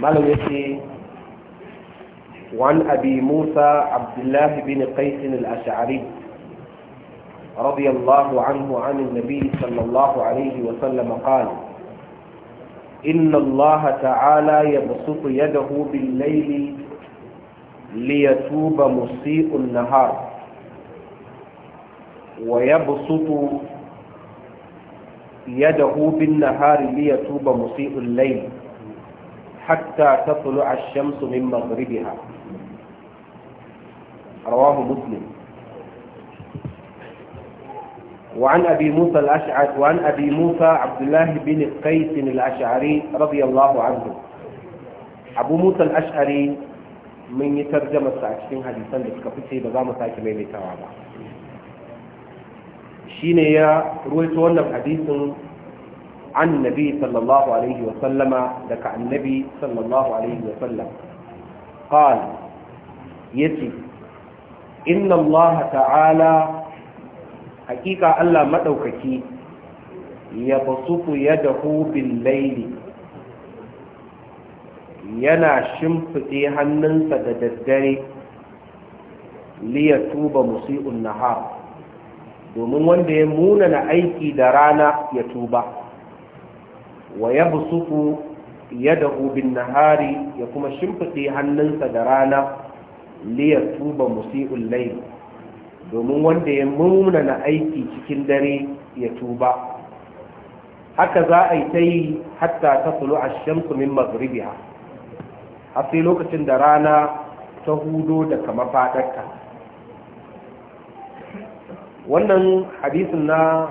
مالويتي وعن أبي موسى عبد الله بن قيس الأشعري رضي الله عنه عن النبي صلى الله عليه وسلم قال إن الله تعالى يبسط يده بالليل ليتوب مسيء النهار ويبسط يده بالنهار ليتوب مسيء الليل حتى تطلع الشمس من مغربها رواه مسلم وعن أبي موسى الأشعري وعن أبي موسى عبد الله بن قيس الأشعري رضي الله عنه أبو موسى الأشعري من يترجم الساعتين حديثا لتكفتي بغام ساعت ميمي توابا شين يا رويت ونم حديث an sallallahu alaihi wa sallama daga annabi sallallahu alaihi wa sallam qal yace inna Allah ta'ala haƙiƙa Allah maɗaukaki, ya basutu yadahu bil layli yana shimfiɗe hannunsa da daddare liya tuba musi'un nahar domin wanda ya munana aiki da rana ya tuba wa ya busufu yadahu bin nahari ya kuma shimfiɗe hannunsa da rana liyar tuba musi'ul layl domin wanda ya munana aiki cikin dare ya tuba haka za a yi ta yi hatta ta tulu a shamsu min magribiha a sai lokacin da rana ta hudo daga mafaɗarta wannan hadisin na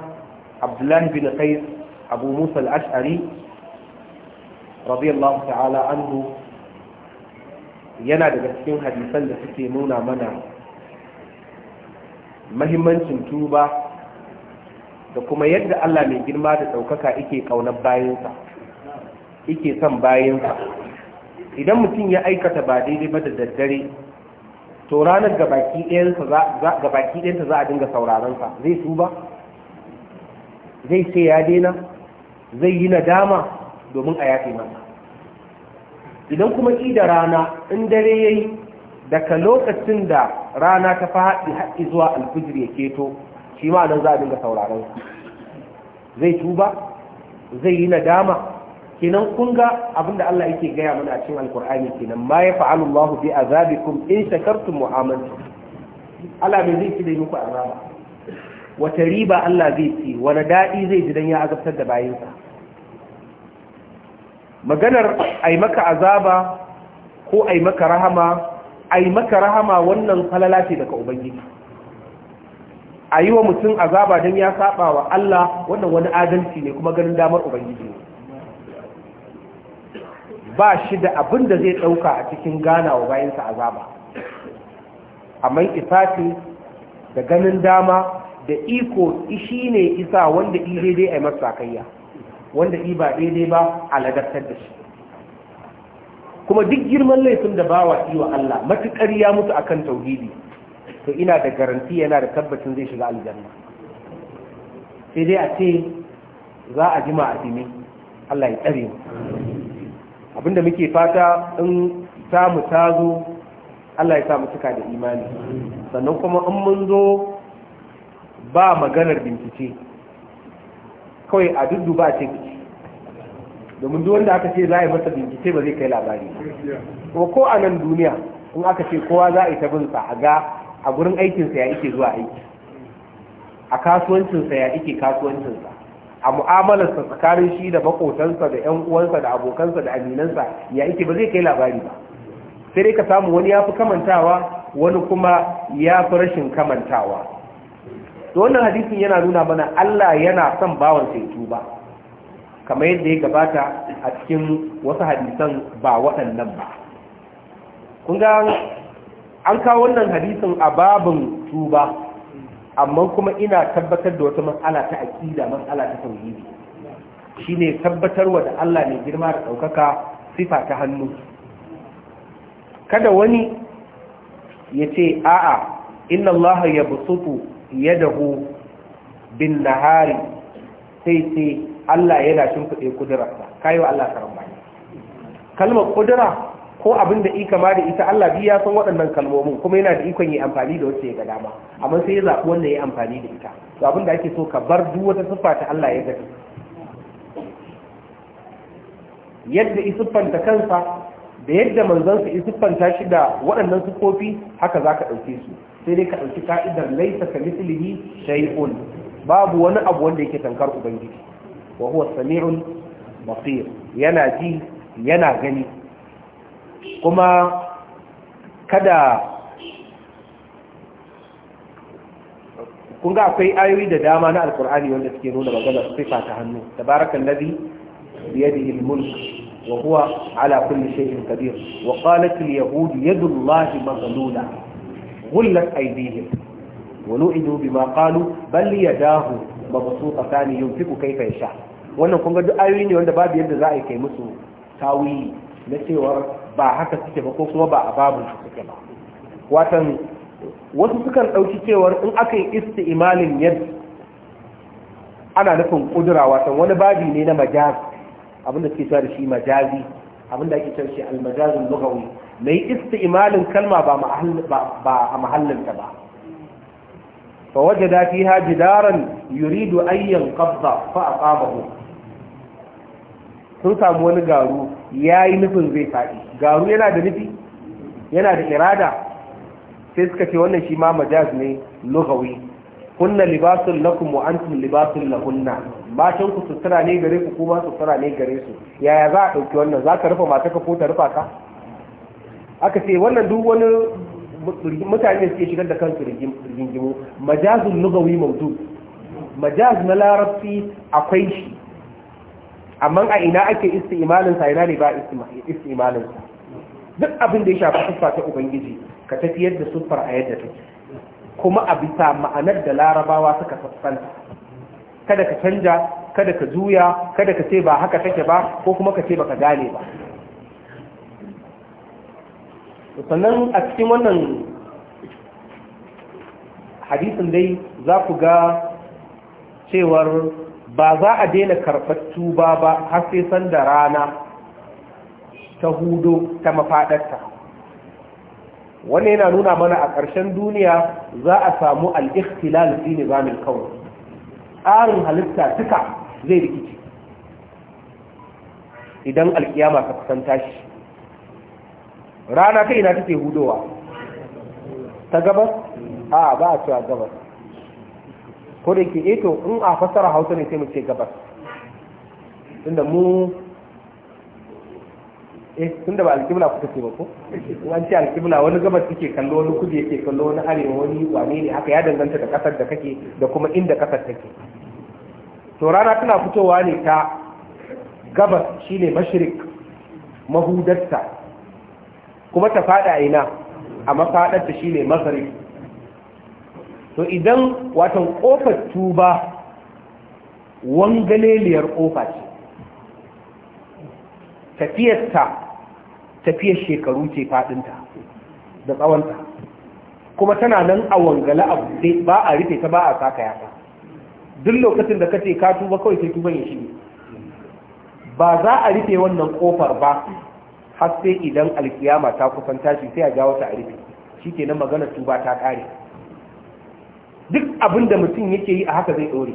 abdullahi bin qais abu musa al'ash'ari radiyallahu ta'ala anhu yana daga cikin hadisan da suke nuna mana mahimmancin tuba da kuma yadda Allah mai girma da ɗaukaka ike ƙaunar bayansa ike son bayansa idan mutum ya aikata ba daidai ba da daddare to ranar gabaki ɗayansa za a dinga sauraronsa zai tuba zai sai ya daina zai yi nadama domin a yafe masa idan kuma ƙi da rana in dare ya yi daga lokacin da rana ta faɗi haɗi zuwa alfijir ya keto shi ma nan za a dinga sauraron zai tuba zai yi nadama kenan kun ga abinda Allah yake gaya mana a cikin alkur'ani kenan ma ya fa'alu Allahu bi azabikum in shakartum wa Allah bai zai fi da muku azaba wata riba Allah zai ci wani daɗi zai ji don ya azabtar da bayansa maganar ai azaba ko ai maka rahama ai rahama wannan falala ce daga ubangiji a yi wa mutum azaba don ya saba wa Allah wannan wani adalci ne kuma ganin damar ubangiji ba shi da abin da zai ɗauka a cikin gana wa bayansa azaba amma isafi da ganin dama da iko shi ne isa wanda i daidai a yi masa sakayya wanda i ba daidai ba a ladartar da shi kuma duk girman laifin da bawa iwa Allah matukar ya mutu akan tauhidi to ina da garanti yana da tabbacin zai shiga aljanna sai dai a ce za a jima a Allah ya tsare mu abinda muke fata in samu tazo Allah ya sa cika da imani sannan kuma in mun zo ba maganar bincike kawai a dudduba a ce, domin duk wanda aka ce za a yi masa bincike ba zai kai labari ba. ko a nan duniya in aka ce kowa za a yi ta binsa a ga a gurin aikinsa ya ike zuwa aiki a kasuwancinsa ya ike kasuwancinsa a mu'amalarsa tsakanin shi da makotansa da yan uwansa da abokansa da aminansa ya ike ba zai kai labari ba sai dai ka samu wani ya fi kamantawa wani kuma ya fi rashin kamantawa to wannan hadisin yana nuna mana Allah yana son bawan sai tuba kamar yadda ya gabata a cikin wasu hadisan ba waɗannan ba kun ga an kawo wannan hadisin a babin tuba amma kuma ina tabbatar da wata matsala ta aqida matsala ta tauhidi shine tabbatarwa da Allah ne girma da ɗaukaka sifa ta hannu kada wani ya ce a'a inna Allah ya yadahu bin nahari sai sai Allah yana shimfiɗe kudurarsa kayo Allah karambani kalmar kudura ko abin da ika ma da ita Allah biya san waɗannan kalmomin kuma yana da ikon yi amfani da wacce ya ga dama amma sai ya zaɓi wanda ya amfani da ita to abin da ake so ka bar duk wata siffa ta Allah ya gani yadda isuffanta kansa da yadda manzansa isuffanta shi da waɗannan siffofi haka za ka ɗauke su sai dai ka ɗauki ka'idar laisa ka mislihi shay'un babu wani abu wanda yake tankar ubangiji wa huwa sami'un basir yana ji yana gani kuma kada kun ga akwai ayoyi da dama na alkur'ani wanda suke nuna maganar sifa ta hannu tabarakan nabi biyadihi al-mulk وهو على كل شيء قدير وقالت اليهود يد الله مغلولة غلت أيديهم ولوعدوا بما قالوا بل يداه مبسوطتان ينفق كيف يشاء wannan kun ga duk ayoyi ne wanda babu yadda za a kai musu tawili na cewar ba haka suke ba ko kuma ba a babu suke ba watan wasu sukan ɗauki cewar in aka yi isti'imalin yadda ana nufin ƙudura watan wani babi ne na majaz abinda suke cewa da shi majazi abinda ake cewa shi almajazin lugawi Mai isti imalin kalma ba a mahallinta ba ba waje da haji daren yuridu ayyan kabza fa a ku. sun samu wani garu ya yi nufin zai faɗi garu yana da nufi yana da irada sai suka ce wannan shi ma majaz ne lugawi kunna libasun lakun mu'antun libasun lahunna matan sutura ne gare ku kuma sutura ne gare su yaya za a ɗauki wannan za ka rufe mata ka ko ta rufa ka aka ce wannan duk wani mutane suke shigar da kansu rigingimu majazun lugawi mautu majaz na larabci akwai shi amma a ina ake isti'imalin sa ina ne ba isti'imalin sa duk abin da ya shafi siffa ta ubangiji ka tafiyar da siffar a yadda take kuma a bisa ma'anar da larabawa suka sassanta kada ka canja kada ka juya kada ka ce ba haka take ba ko kuma ka ce baka gane ba sannan a cikin wannan hadisin dai za ku ga cewar ba za a daina karfattu ba ba har sai san da rana ta hudu ta mafaɗarta wannan yana nuna mana a ƙarshen duniya za a samu al'ikhtilal fi nizamin kawo, tsarin halitta duka zai rikici idan alkiyama ta kusanta shi rana ta na take hudowa ta gabas a ba a cewa gabas ko da ke eto eh in a fasara hausa ne sai mu ce gabas tunda mu eh tunda ba alkibla kuka ce ba ko in an ce alkibla wani gabas suke kallo wani kudu yake kallo wani arewa wani wane ne haka ya danganta da kasar da kake da kuma inda kasar take to rana tana fitowa ne ta gabas shine mashrik mahudarta kuma ta fada ina a mafadarta ne masarif to idan watan kofar tuba wangaleliyar kofa ce tafiyarta tafiyar shekaru ce fadinta da tsawonta kuma tana nan a wangala abu bude ba a rufe ta ba a saka yata duk lokacin da kace ka tuba kawai sai tuban ya shige ba za a rufe wannan kofar ba har sai idan alkiyama ta kusan tashi sai a jawo ta a rufe nan maganar tuba ta kare duk abin da mutum yake yi a haka zai dore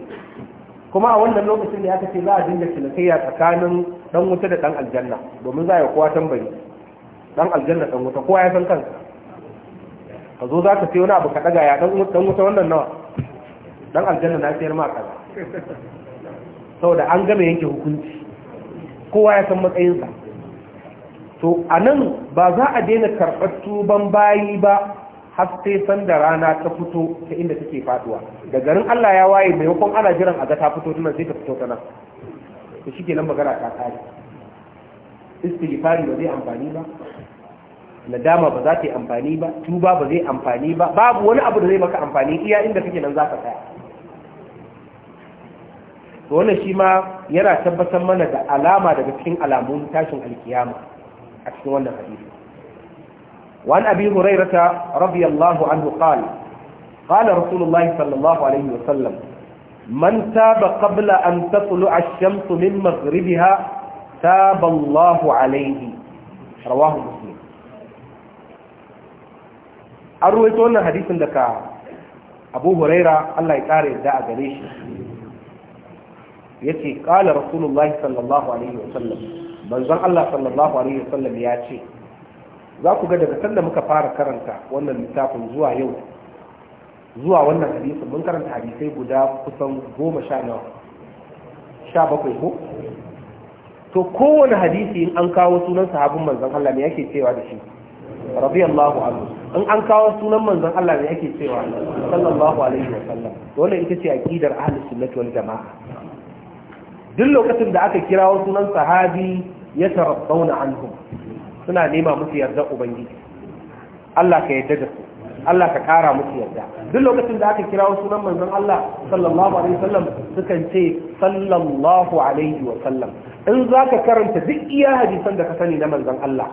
kuma a wannan lokacin da aka ce za a dinga cinikayya tsakanin dan wuta da dan aljanna domin za a yi kowa tambayi dan aljanna dan wuta kowa ya san kansa ka zo za ka sai wani abu ka daga ya dan wuta wannan nawa dan aljanna na sayar ma kaza saboda an gama yanke hukunci kowa ya san matsayinsa to a nan ba za a daina karɓar tuban bayi ba har sai sanda rana ta fito ta inda take faduwa da garin Allah ya waye maimakon ana jiran a ga ta fito tunan sai ta fito ta nan to shike nan magana ta kare istighfari ba zai amfani ba nadama ba za ta yi amfani ba tuba ba zai amfani ba babu wani abu da zai maka amfani iya inda kake nan za ka tsaya to wannan shi ma yana tabbatar mana da alama daga cikin alamun tashin alkiyama a cikin wannan hadisi wani abin hurairata radiyallahu anhu qal sallallahu alaihi wasallam man taba qabla an tatlu ash-shams min maghribiha taba Allah alaihi rawahu muslim arwaito wannan hadisin daga abu huraira Allah ya kare da a gare shi yace qala rasulullahi sallallahu alaihi wasallam manzon Allah sallallahu alaihi wasallam ya ce za ku ga daga sanda muka fara karanta wannan littafin zuwa yau zuwa wannan hadisi mun karanta hadisai guda kusan goma sha nawa sha bakwai ko to kowane hadisi in an kawo sunan sahabin manzon Allah ne yake cewa da shi radiyallahu anhu in an kawo sunan manzon Allah ne yake cewa sallallahu alaihi wasallam dole ita ce aqidar ahlus sunnah wal jamaa duk lokacin da aka kirawo sunan sahabi yatarabbawna anhum suna nema musu yarda ubangiji Allah ka yarda da su Allah ka kara musu yarda duk lokacin da aka kira sunan manzon Allah sallallahu alaihi wasallam sukan ce sallallahu alaihi wasallam in zaka karanta duk iya hadisan da ka sani na manzon Allah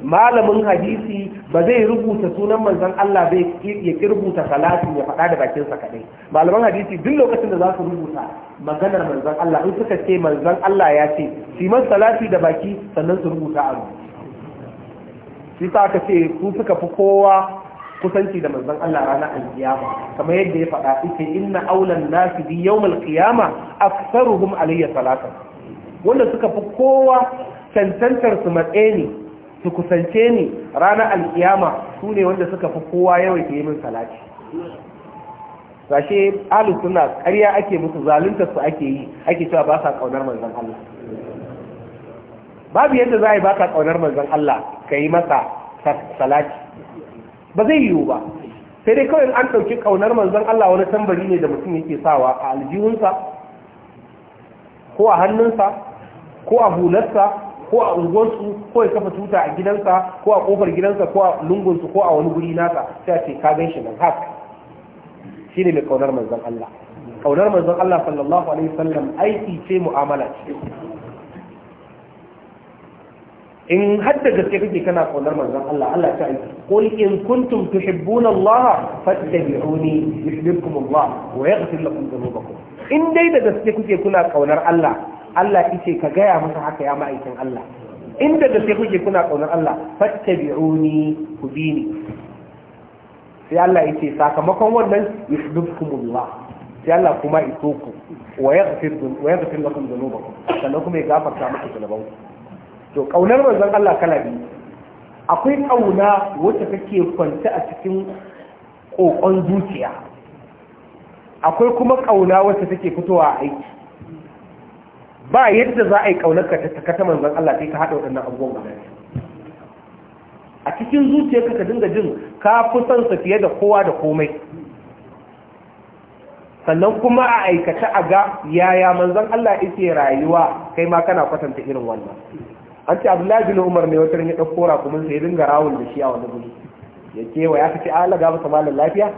malamin hadisi ba zai rubuta sunan manzon Allah bai ya rubuta salatin ya faɗa da bakinsa kaɗai malaman hadisi duk lokacin da za su rubuta maganar manzan Allah in suka ce manzan Allah ya ce su man salati da baki sannan su rubuta a shi sa aka ce su suka fi kowa kusanci da manzan Allah ranar alkiyama kamar yadda ya faɗa ita inna aulan yau bi yawmal qiyama aktsaruhum alayya salatan wanda suka fi kowa cancantar su matse ni su kusance ni ranar alkiyama su ne wanda suka fi kowa yawaita yi min salati sashe ahlus sunna ƙarya ake musu zalunta su ake yi ake cewa ba sa kaunar manzon Allah babu yadda za a yi ba ka kaunar manzon Allah ka yi masa salati ba zai yiwu ba sai dai kawai an ɗauki kaunar manzon Allah wani tambari ne da mutum yake sawa a aljihunsa ko a hannunsa ko a hularsa ko a unguwarsu ko ya kafa tuta a gidansa ko a kofar gidansa ko a lungunsu ko a wani guri nasa sai a ce ka gan shi nan haka shine mai kaunar manzon Allah kaunar Allah sallallahu alaihi aiki ce mu'amala ce in hadda gaske kake kana ƙaunar Allah Allah ta aiki qul in kuntum tuhibbuna Allah fattabi'uni yuhibbukum Allah wa yaghfir lakum dhunubakum in dai da gaske kuke kuna kaunar Allah Allah yace ka gaya masa haka ya ma'aikin Allah in da gaske kuke kuna kaunar Allah fattabi'uni ku bi ni sai Allah yake sakamakon wannan yusdukumullah sai Allah kuma iso ku wa yaghfir wa yaghfir lakum dhunubakum sannan kuma ya gafarta muku zunubanku to kaunar manzon Allah kala biyu akwai kauna wacce take kwanta a cikin kokon zuciya akwai kuma kauna wacce take fitowa a aiki ba yadda za a yi kaunar ka ta manzon Allah sai ka hada waɗannan abubuwan guda biyu a cikin zuciyarka ka dinga jin ka fi son sa fiye da kowa da komai sannan kuma a aikata a ga yaya manzan Allah ike rayuwa kai ma kana kwatanta irin wannan an ce abdullahi bin umar ne wata ya kora kuma sai dinga rawun da shi a wani guri ya kewa ya ce ala ga masa malam lafiya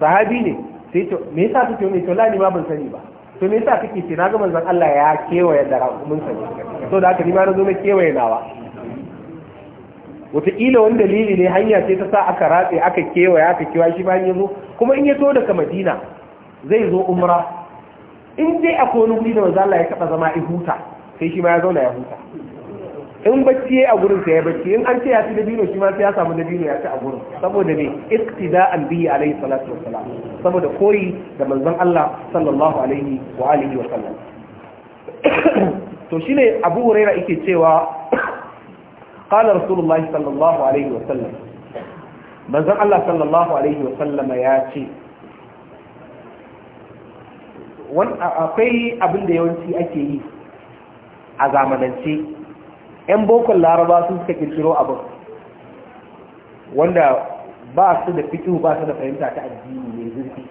sahabi ne sai to me yasa kake ne to lani ma ban sani ba to me yasa kake ce na ga manzan Allah ya kewaye da rakumin sani to da haka ni ma na zo na kewaye nawa wataƙila wani dalili ne hanya ce ta sa aka ratse aka kewaya aka kewa shi bayan ya zo kuma in ya to daga madina zai zo umra in zai a kone wuri da manzo ya taɓa zama ya huta sai shi ma ya zauna ya huta in bacci a gurin sa ya bacci in an ce ya ci dabino shi ma sai ya samu dabino ya ci a gurin saboda ne an biyu bihi alaihi salatu salam saboda koyi da manzon Allah sallallahu alaihi wa alihi wa sallam to shine Abu Huraira yake cewa qala rasulullahi sallallahu alaihi wa sallam manzon Allah sallallahu alaihi wa sallam ya ce akwai abin da yawanci ake yi a zamanance yan bokon laraba sun suka kirkiro abin wanda ba su da fito ba su da fahimta ta addini mai zurfi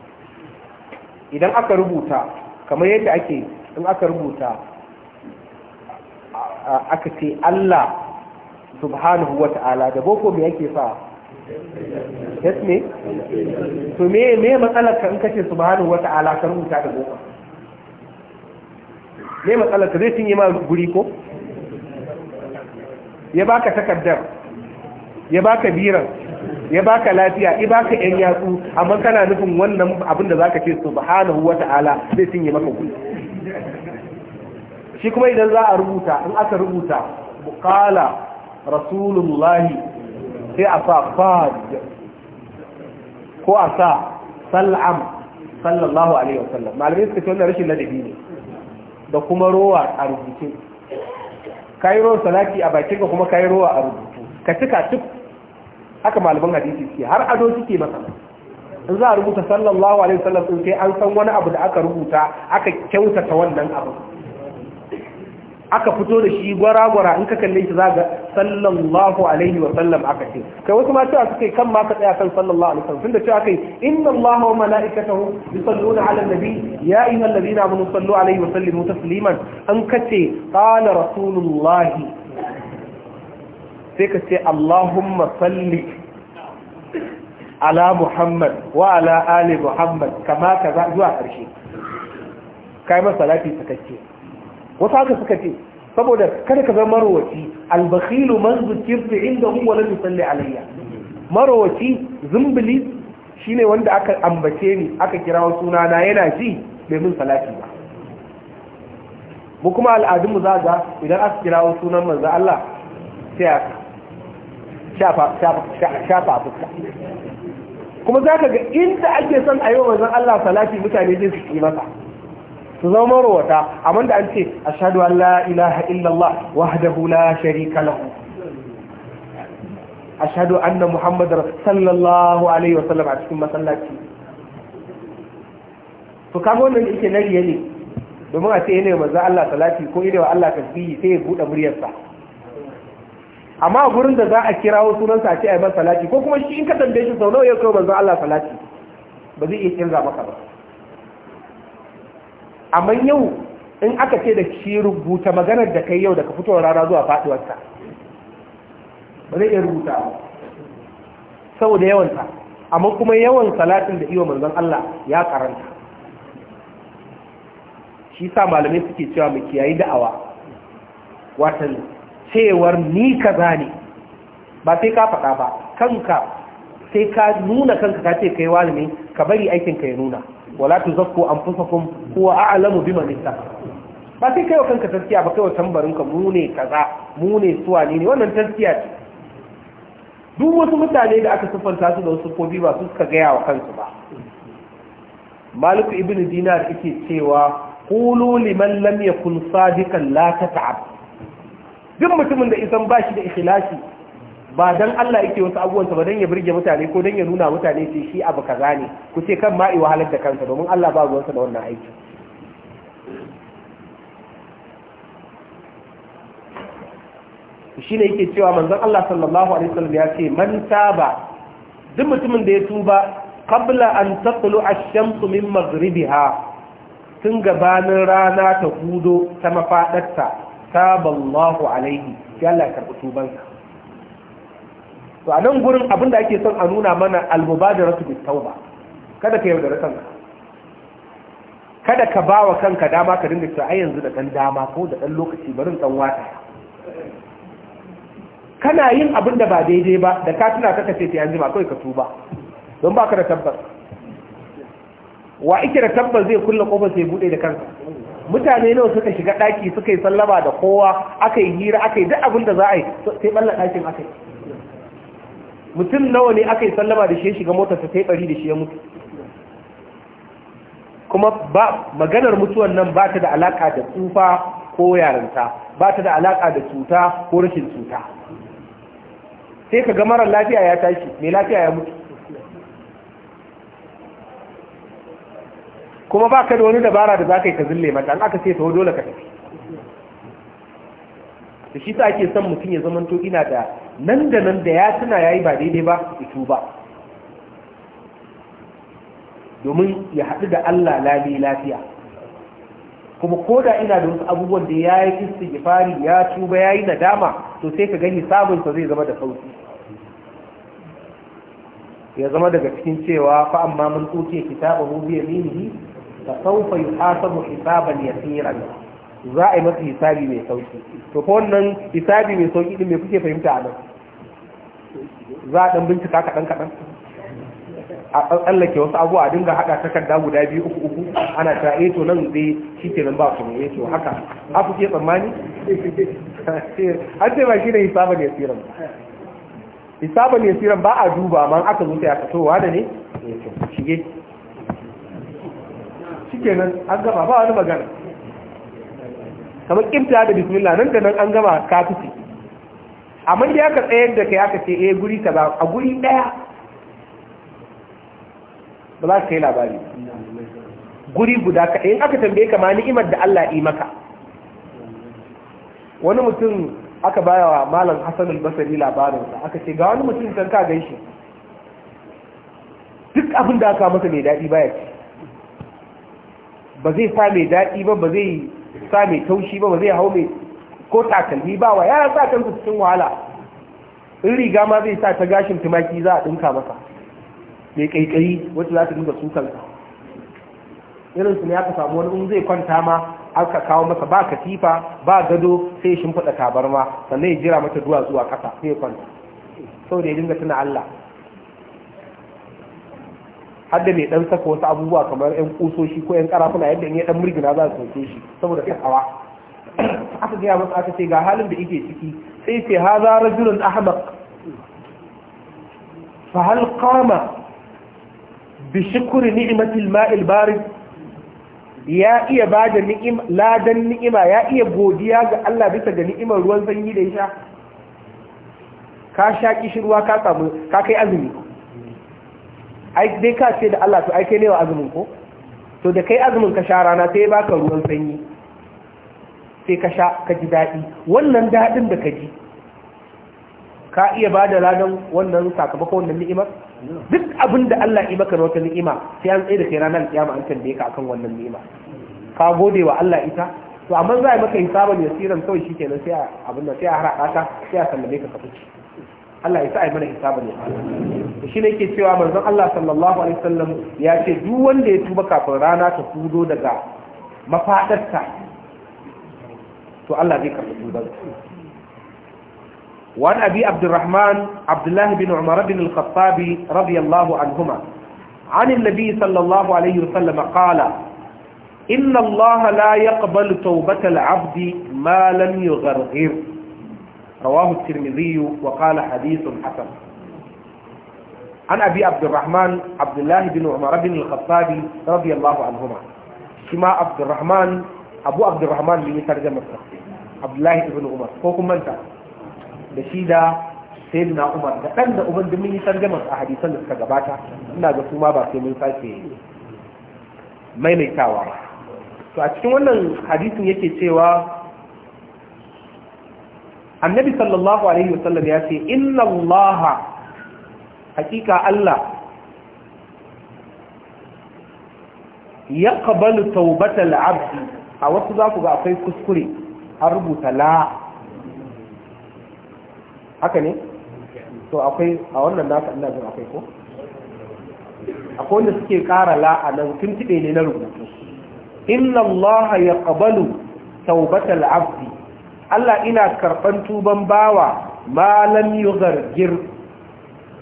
idan aka rubuta kamar yadda ake in aka rubuta aka ce Allah subhanahu wa ta'ala da boko mai yake sa yes ne to me me matsalar ka in kace subhanahu wa ta'ala ka rubuta da boko me matsalar ka zai cinye ma guri ko ya baka takaddar ya baka biran ya baka lafiya ya baka yan yatsu amma kana nufin wannan abin da zaka ce subhanahu wa ta'ala zai cinye maka guri shi kuma idan za a rubuta in aka rubuta qala rasulullahi sai a sa fad ko a sa sal'am sallallahu alaihi wasallam malamai suka ce wannan rashin ladabi ne da kuma rowa a rubutu kairo salati a bakin ka kuma kairo a rubutu ka cika cik haka malaman hadisi suke har ado suke masa in za a rubuta sallallahu alaihi wasallam din sai an san wani abu da aka rubuta aka kyautata wannan abu aka fito da shi gwara-gwara in ka kalle shi ga sallallahu alaihi wa sallam aka ce kai wasu ma cewa yi kan ma ka tsaya kan sallallahu alaihi wa sallam tunda cewa kai inna allaha wa mala'ikatahu yusalluna ala nabi ya ayyuhal ladina amanu sallu alaihi wa sallimu tasliman an ka ce qala rasulullahi sai ka ce allahumma salli ala muhammad wa ala ali muhammad kama kaza zuwa karshe kai masa salati sakakke wasu haka suka ce saboda kada ka zama marowaci albakhilu man zukirtu inda hu wa lam yusalli alayya marowaci zumbili ne wanda aka ambace ni aka kira wa na yana ji mai mun salati ba mu kuma al'adunmu za ga idan aka kira sunan manzo Allah sai aka shafa fuska kuma za ka ga inda ake son a yi wa manzon Allah salati mutane zai ke masa su zama marowata amma da an ce ashhadu an la ilaha illallah wahdahu la sharika lahu shaɗu annan muhammadar sallallahu alaihi wasallam a cikin masallaci to kama wannan na riya ne domin a ce yanayi maza Allah salati ko idewa Allah tasbihi sai ya buɗe muryarsa amma a gurin da za a kirawo sunansa a ce a yi salati ko kuma shi in ka tambaye shi sau nawa ya kai manzo Allah salati ba zai iya canza maka ba amma yau in aka ce da shi rubuta maganar da kai yau daga fitowar rana zuwa faduwarta ba zai iya rubuta saboda yawansa amma kuma yawan salatin da iya manzan Allah ya karanta shi sa malamai suke cewa mu kiyayi da'awa watan cewar ni kaza ne ba sai ka faɗa ba kanka sai ka nuna kanka ka ce kai walimi ka bari aikin ka ya nuna wala zakku anfusakum huwa a'lamu biman ittaqa ba sai kai kanka taskiya ba kai wa tambarin ka mu ne kaza mu ne suwa ne wannan taskiya ce duk wasu mutane da aka sufanta su da wasu kobi ba su suka gaya wa kansu ba maliku ibn dinar yake cewa qulu liman lam yakun sadiqan la tata'ab duk mutumin da isan bashi da ikhlasi ba dan Allah yake wasu abubuwan ba dan ya burge mutane ko dan ya nuna mutane ce shi abu kaza ne ku ce kan ma'i wahalar da kansa domin Allah ba ruwansa da wannan aiki shi ne yake cewa manzon Allah sallallahu alaihi wasallam ya ce man taba duk mutumin da ya tuba kabla an taqlu ash-shamsu min maghribiha tun gabanin rana ta gudo ta mafadarta taballahu alaihi ya Allah karbi tubansa to a nan gurin abin da ake son a nuna mana su bit tauba kada ka yaudara kanka kada ka ba wa kanka dama ka dinga cewa ai yanzu da dan dama ko da dan lokaci barin dan wata kana yin abin da ba daidai ba da ka tuna ka kace ta yanzu ba kai ka tuba don baka da tabbas wa ike da tabbas zai kulle kofar sai bude da kanka mutane nawa suka shiga daki suka yi sallama da kowa aka yi hira aka yi duk abin da za a yi sai balla dakin aka yi mutum nawa ne aka yi sallama da shi shiga motarsa sai bari da shi ya mutu kuma ba maganar mutuwan nan ba ta da alaka da tsufa ko yaranta ba ta da alaka da cuta ko rashin cuta sai ka ga marar lafiya ya tashi mai lafiya ya mutu kuma ba ka da wani dabara da za ka yi ka zille mata an aka ce ta dole ka tafi da shi ta ake son mutum ya zamanto ina da nan da nan da ya tuna ya yi ba daidai ba ito ba domin ya haɗu da Allah lami lafiya kuma ko da ina da wasu abubuwan da ya yi kisti ya tuba ya yi nadama to sai ka gani sabonsa zai zama da sauki ya zama daga cikin cewa fa amma mun tuke kitabahu bi yaminihi fa sawfa yuhasabu hisaban yasiran za a yi masa hisabi mai sauki to ko wannan hisabi mai sauki din me kuke fahimta a nan za a ɗan bincika kaɗan-kaɗan a tsallake wasu abuwa dinga haɗa takarda guda biyu uku uku ana ta eh to nan zai shi ke nan ba su ne eh, to haka a ku ke tsammani an taimaki na shi hisaban ya siran hisaban ya siran ba a duba ma aka zuta ya aka da ne eh, shige shi ke nan an gama ba wani magana kamar kimta da bismillah nan da nan an gama kafiti. amma da aka tsayar da kai aka ce eh guri ka ba a guri daya ba za ka yi labari guri guda ka in aka tambaye ka ma ni'imar da Allah yi maka wani mutum aka baya wa malam Hassan al-Basri sa aka ce ga wani mutum kan ka ganshi duk abin da aka masa mai daɗi baya ci ba zai sa mai daɗi ba ba zai sa mai taushi ba ba zai hau mai ko takalmi ba wa yara sa kansu cikin wahala in riga ma zai sa ta gashin tumaki za a dinka masa mai kaikayi wata za ta dinga sukan irin su ne aka samu wani in zai kwanta ma aka kawo masa ba katifa ba gado sai shimfida tabarma sannan ya jira mata duwa zuwa ƙasa sai ya kwanta saboda ya dinga tuna Allah har da mai dan saka wasu abubuwa kamar yan kusoshi ko yan karafuna yadda in ya dan murgina za su sauke shi saboda kasawa aka gaya masa aka ce ga halin da yake ciki sai ce haza rajulun Ahmad. fa hal qama bi shukri ni'mati al-ma'il barid ya iya bada ni'ima ladan ni'ima ya iya godiya ga Allah bisa ga ni'imar ruwan sanyi da ya sha ka sha ruwa ka samu ka kai azumi ai dai ka ce da Allah to ai kai ne wa azumin ko to da kai azumin ka sha rana sai baka ruwan sanyi sai ka sha ka ji daɗi wannan daɗin da ka ji ka iya ba da ladan wannan sakamakon wannan ni'imar duk abin da Allah yi maka wata ni'ima sai an tsaye da kai ranar kiyama an tambaye ka akan wannan ni'ima ka gode wa Allah ita to amma za a yi maka hisaban yasiran kawai shi kenan sai abin da sai a haraka ka sai a sallame ka kafuci Allah ya sa a yi mana hisaban yasiran shi ne yake cewa manzon Allah sallallahu alaihi wasallam ya ce duk wanda ya tuba kafin rana ta fudo daga mafadarta وعن أبي عبد الرحمن عبد الله بن عمر بن الخطاب رضي الله عنهما عن النبي صلى الله عليه وسلم قال إن الله لا يقبل توبة العبد ما لم يغرغر رواه الترمذي وقال حديث حسن عن أبي عبد الرحمن عبد الله بن عمر بن الخطاب رضي الله عنهما كما عبد الرحمن أبو عبد الرحمن بن ترجمة abdullahi ibn umar ko kun manta da shi da sayyidina umar da ɗan da uban da mun yi tarjamar a hadisan da suka gabata ina ga su ba sai mun sake maimaitawa ba to a cikin wannan hadisin yake cewa annabi sallallahu alaihi wasallam ya ce inna allaha hakika allah ya kabalu taubatal abdi a wasu za ku ga akwai kuskure an rubuta la haka ne to akwai a wannan naka ina jin akwai ko akwai wanda suke ƙara la a nan tuntuɓe ne na rubutu inna allaha ya ƙabalu taubatal abdi allah ina karban tuban bawa malam yi gargir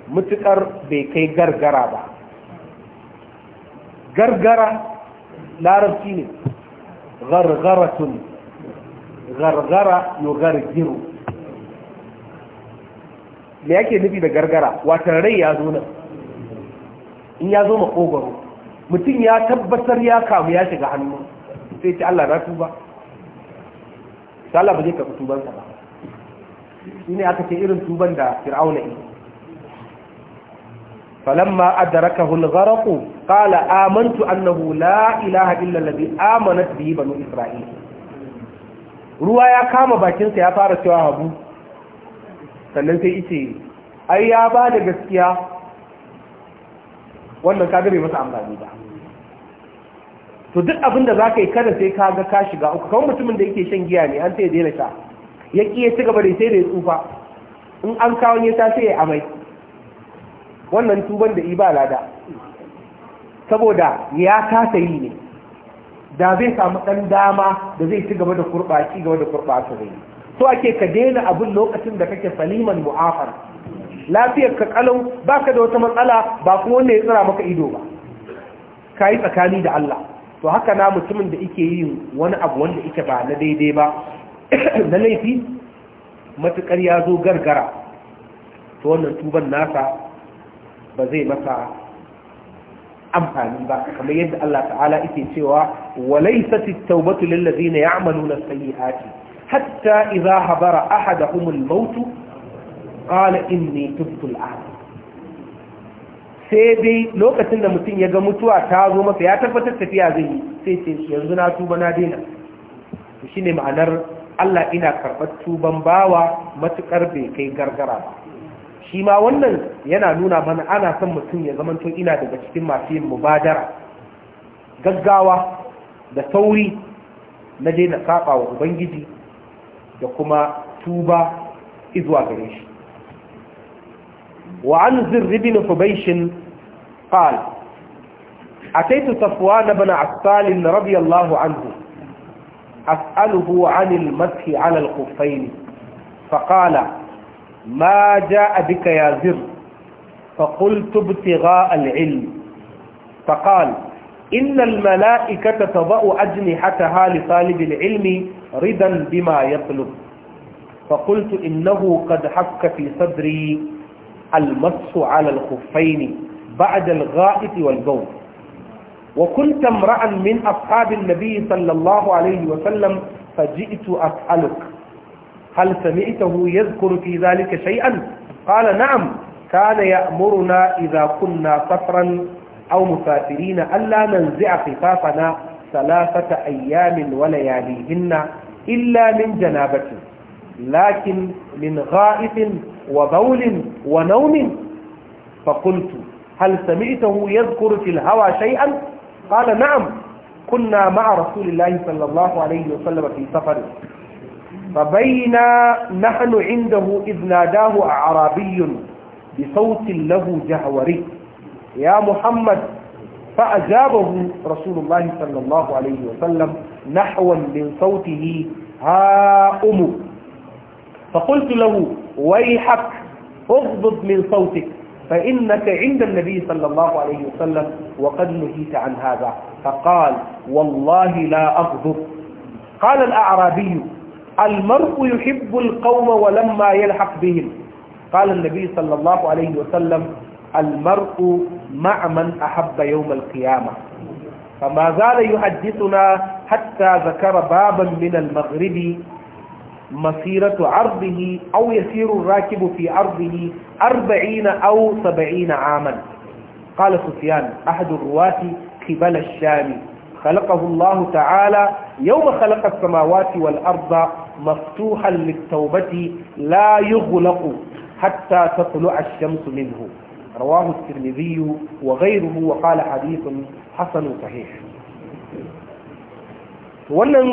mutukar bai kai gargara ba gargara larabci ne gargara tuni. gargara yugargiru me yake nufi da gargara watan rai ya zo nan in ya zo makogaro mutum ya tabbatar ya kamu ya shiga hannu sai ce Allah na tuba sai Allah ka zai karɓi tubansa ba shi aka ce irin tuban da fir'auna yi falamma adrakahu al-gharq qala amantu annahu la ilaha illa alladhi amanat bihi banu isra'il ruwa ya kama bakinsa ya fara cewa habu sannan sai ice ai ya ba da gaskiya wannan kaga bai masa amfani ba to duk abin da za ka yi kada sai ka ga ka shiga uku kawai mutumin da yake shan giya ne an sai ya daina sha ya ƙi ya ci gaba da sai da ya tsufa in an kawo ne ta sai ya amai wannan tuban da iba lada saboda ya kasa yi ne da zai samu ɗan dama da zai ci gaba da kurɓaci gaba da kurɓata zai so ake ka daina abin lokacin da kake saliman mu'afar lafiyar ka kalau baka da wata matsala ba kuma wanda ya tsira maka ido ba ka yi tsakani da Allah to haka na mutumin da yake yin wani abu wanda yake ba na daidai ba na laifi matukar ya zo gargara to wannan tuban nasa ba zai masa amfani ba kamar yadda Allah ta'ala yake cewa walaysat at-taubatu lil ladina ya'maluna as-sayyi'ati hatta idha habara ahaduhum al-maut qala inni tubtu al-an sai dai lokacin da mutum ya ga mutuwa ta zo masa ya tabbatar tafiya zai yi sai ce yanzu na tuba na daina shine ma'anar Allah ina karɓar tuban bawa matuƙar bai kai gargara ba shi ma wannan yana nuna mana ana son mutum ya zama ina daga cikin masu yin mubadara gaggawa da sauri na daina saba wa ubangiji da kuma tuba izuwa gare shi wa an zirri bin fubaishin qal a taitu safuwa na bana a tsalin rabiyallahu an zu as'aluhu wa anil mafi alal kufaini faƙala ما جاء بك يا زر فقلت ابتغاء العلم فقال إن الملائكة تضأ أجنحتها لطالب العلم ردا بما يطلب فقلت إنه قد حك في صدري المس على الخفين بعد الغائط والبول وكنت امرأ من أصحاب النبي صلى الله عليه وسلم فجئت أسألك هل سمعته يذكر في ذلك شيئا قال نعم كان يأمرنا إذا كنا سفرا أو مسافرين ألا ننزع خفافنا ثلاثة أيام ولياليهن إلا من جنابة لكن من غائط وبول ونوم فقلت هل سمعته يذكر في الهوى شيئا قال نعم كنا مع رسول الله صلى الله عليه وسلم في سفر فبينا نحن عنده إذ ناداه أعرابي بصوت له جهوري يا محمد فأجابه رسول الله صلى الله عليه وسلم نحوا من صوته ها أم فقلت له ويحك اغضب من صوتك فإنك عند النبي صلى الله عليه وسلم وقد نهيت عن هذا فقال والله لا أغضب قال الأعرابي المرء يحب القوم ولما يلحق بهم قال النبي صلى الله عليه وسلم المرء مع من أحب يوم القيامة فما زال يحدثنا حتى ذكر بابا من المغرب مسيرة عرضه أو يسير الراكب في عرضه أربعين أو سبعين عاما قال سفيان أحد الرواة قبل الشام خلقه الله تعالى يوم خلق السماوات والأرض مفتوحا للتوبة لا يغلق حتى تطلع الشمس منه رواه الترمذي وغيره وقال حديث حسن صحيح wannan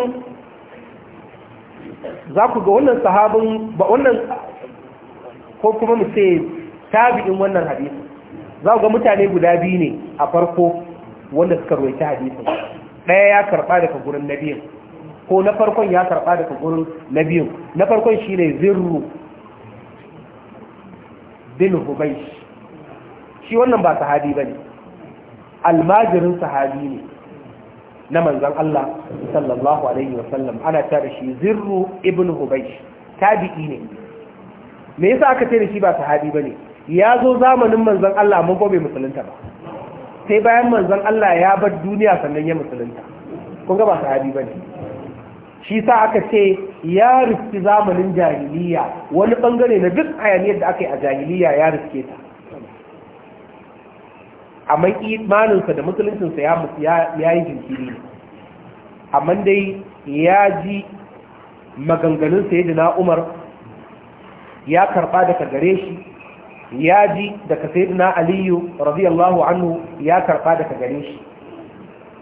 za ku ga wannan sahabin ba wannan ko kuma mu ce tabi'in wannan hadisi za ku ga mutane guda biyu ne a farko wanda suka roita hadisin ɗaya ya karɓa daga gurin na biyun ko na farkon ya karɓa daga gurin na biyun na farkon shi ne zirru bin hubaish shi wannan ba sahabi ba ne almajirin sahabi ne na manzan Allah sallallahu alaihi wasallam ana ta da shi zirru ibn hubaish tabi'i ne me yasa aka ce da shi ba sahabi ne ya zo zamanin manzan Allah mun gobe musulunta ba sai bayan manzon Allah ya bar duniya sannan ya musulunta kun ga ba sahabi bane shi sa aka ce ya riski zamanin jahiliya wani bangare na duk ayaniyar da aka yi a jahiliya ya riske ta amma imaninsa da musuluncinsa ya yi jinkiri amma dai ya ji maganganun sayyidina umar ya karba daga gare shi ya ji daga sayyidina aliyu radiyallahu anhu ya karba daga gare shi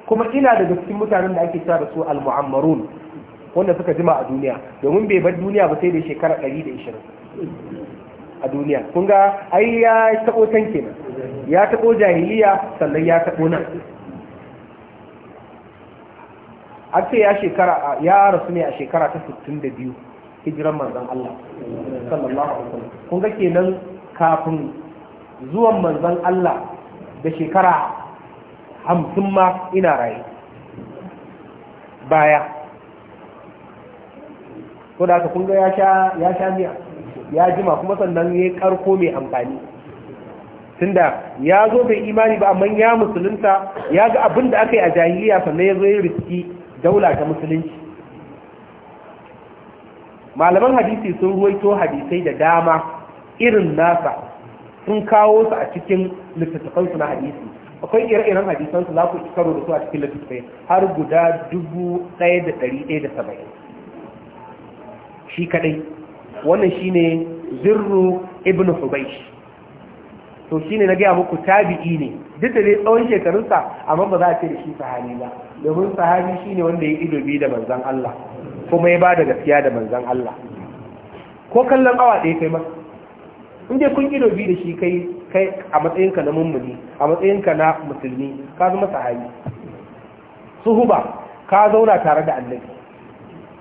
kuma ina da cikin mutanen da ake cewa da su al-mu'ammarun wanda suka jima a duniya domin bai bar duniya ba sai da shekara 120 a duniya kun ga ai ya tabo can kenan ya tabo jahiliya sannan ya tabo nan Akai ya shekara ya rasu ne a shekara ta 62 hijiran manzon Allah sallallahu alaihi wasallam kun ga kenan kafin zuwan manzon Allah da shekara hamsin ma ina raye baya ko da kun ga ya sha miya ya jima kuma sannan ya karko mai amfani tunda ya zo bai imani ba amma ya musulunta ya ga abin da aka yi a jahiliya sannan ya zo ya riski daula ta musulunci malaman hadisi sun ruwaito hadisai da dama irin nasa sun kawo su a cikin littattafansu na hadisi akwai ire-iren hadisansu za ku karo da su a cikin littattafai har guda dubu da ɗari ɗaya da saba'in shi kaɗai wannan shi ne zirru ibn hubaish to shi ne na gaya muku tabi'i ne duk da dai tsawon shekarunsa amma ba za a ce da shi sahabi ba domin sahabi shi ne wanda ya ido biyu da manzan Allah kuma ya ba da gaskiya da manzan Allah ko kallon awa ɗaya kai masa in dai kun ido biyu da shi kai kai a matsayinka na mummuni a matsayinka na musulmi ka zama sahabi suhuba ka zauna tare da annabi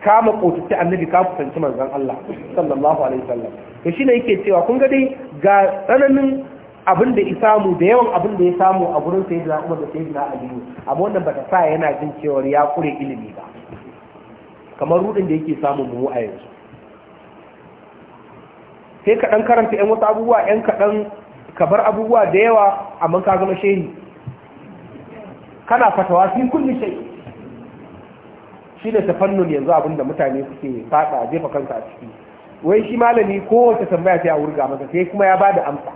ka makotutti annabi ka kusanci manzon Allah sallallahu alaihi wasallam to shi ne yake cewa kun ga dai ga tsananin abin da ya samu da yawan abin da ya samu a gurin da Umar da da Ali amma wannan bata sa yana jin cewa ya kure ilimi ba kamar rudin da yake samu mu a yanzu sai ka karanta yan wasu abubuwa yan kaɗan ka abubuwa da yawa a ka zama shehi kana fatawa fi kulli shay shi ne tafannun yanzu abinda mutane suke fada jefa kansa a ciki wai shi malami kowace tambaya sai a wurga masa sai kuma ya bada amsa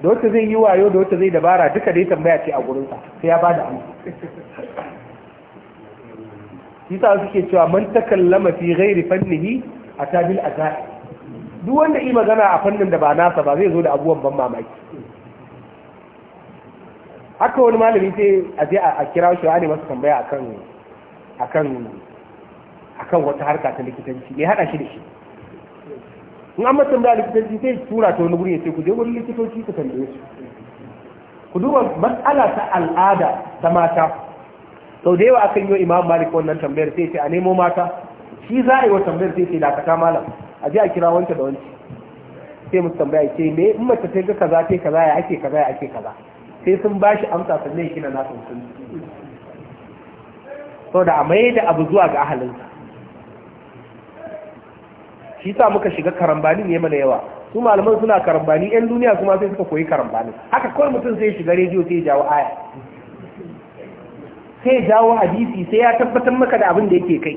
da wata zai yi wayo da wata zai dabara duka dai tambaya ce a gurinsa sai ya bada amsa shi sa suke cewa man takallama fi ghairi fannihi atabil azai duk wanda yi magana a fannin da ba nasa ba zai zo da abubuwan ban mamaki haka wani malami sai a je a kira shi ne masa tambaya akan akan akan wata harka ta likitanci me hada shi da shi in an masa tambaya likitanci sai tura ta wani guri ya ce ku je wani likitoci ku tambaye su ku duba matsala ta al'ada ta mata sau da yawa akan yi wa imam malik wannan tambayar sai ce a nemo mata shi za a yi wa tambayar sai ce dakata malam a je a kira wanta da wanci sai mu tambaya ce me in mace ta ga kaza ta kaza ya ake kaza ya ake kaza sai sun ba shi amsa sannan ya kina nasu sun so da a mai da abu zuwa ga ahalinsa shi sa muka shiga karambani ne mana yawa su malaman suna karambani yan duniya kuma sai suka koyi karambani haka kawai mutum sai shiga rediyo sai jawo aya sai jawo hadisi sai ya tabbatar maka da abin da yake kai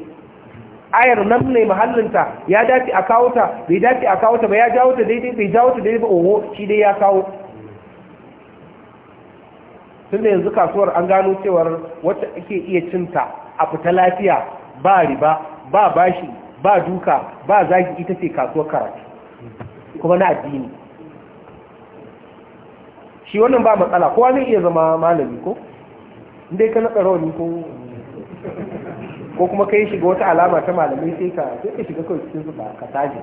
ayar nan ne mahallinta ya dace a kawo ta bai dace a kawo ta ba ya jawo ta daidai bai jawo ta daidai ba oho shi dai ya kawo tun da yanzu kasuwar an gano cewar wata ake iya cinta a fita lafiya ba riba ba bashi ba duka ba zagi ita ce kasuwar karatu kuma na addini shi wannan ba matsala kowa zai iya zama malami ko inda ka na tsaro ko ko kuma kai shiga wata alama ta malamai sai ka sai ka shiga kawai cikin su ba ka taje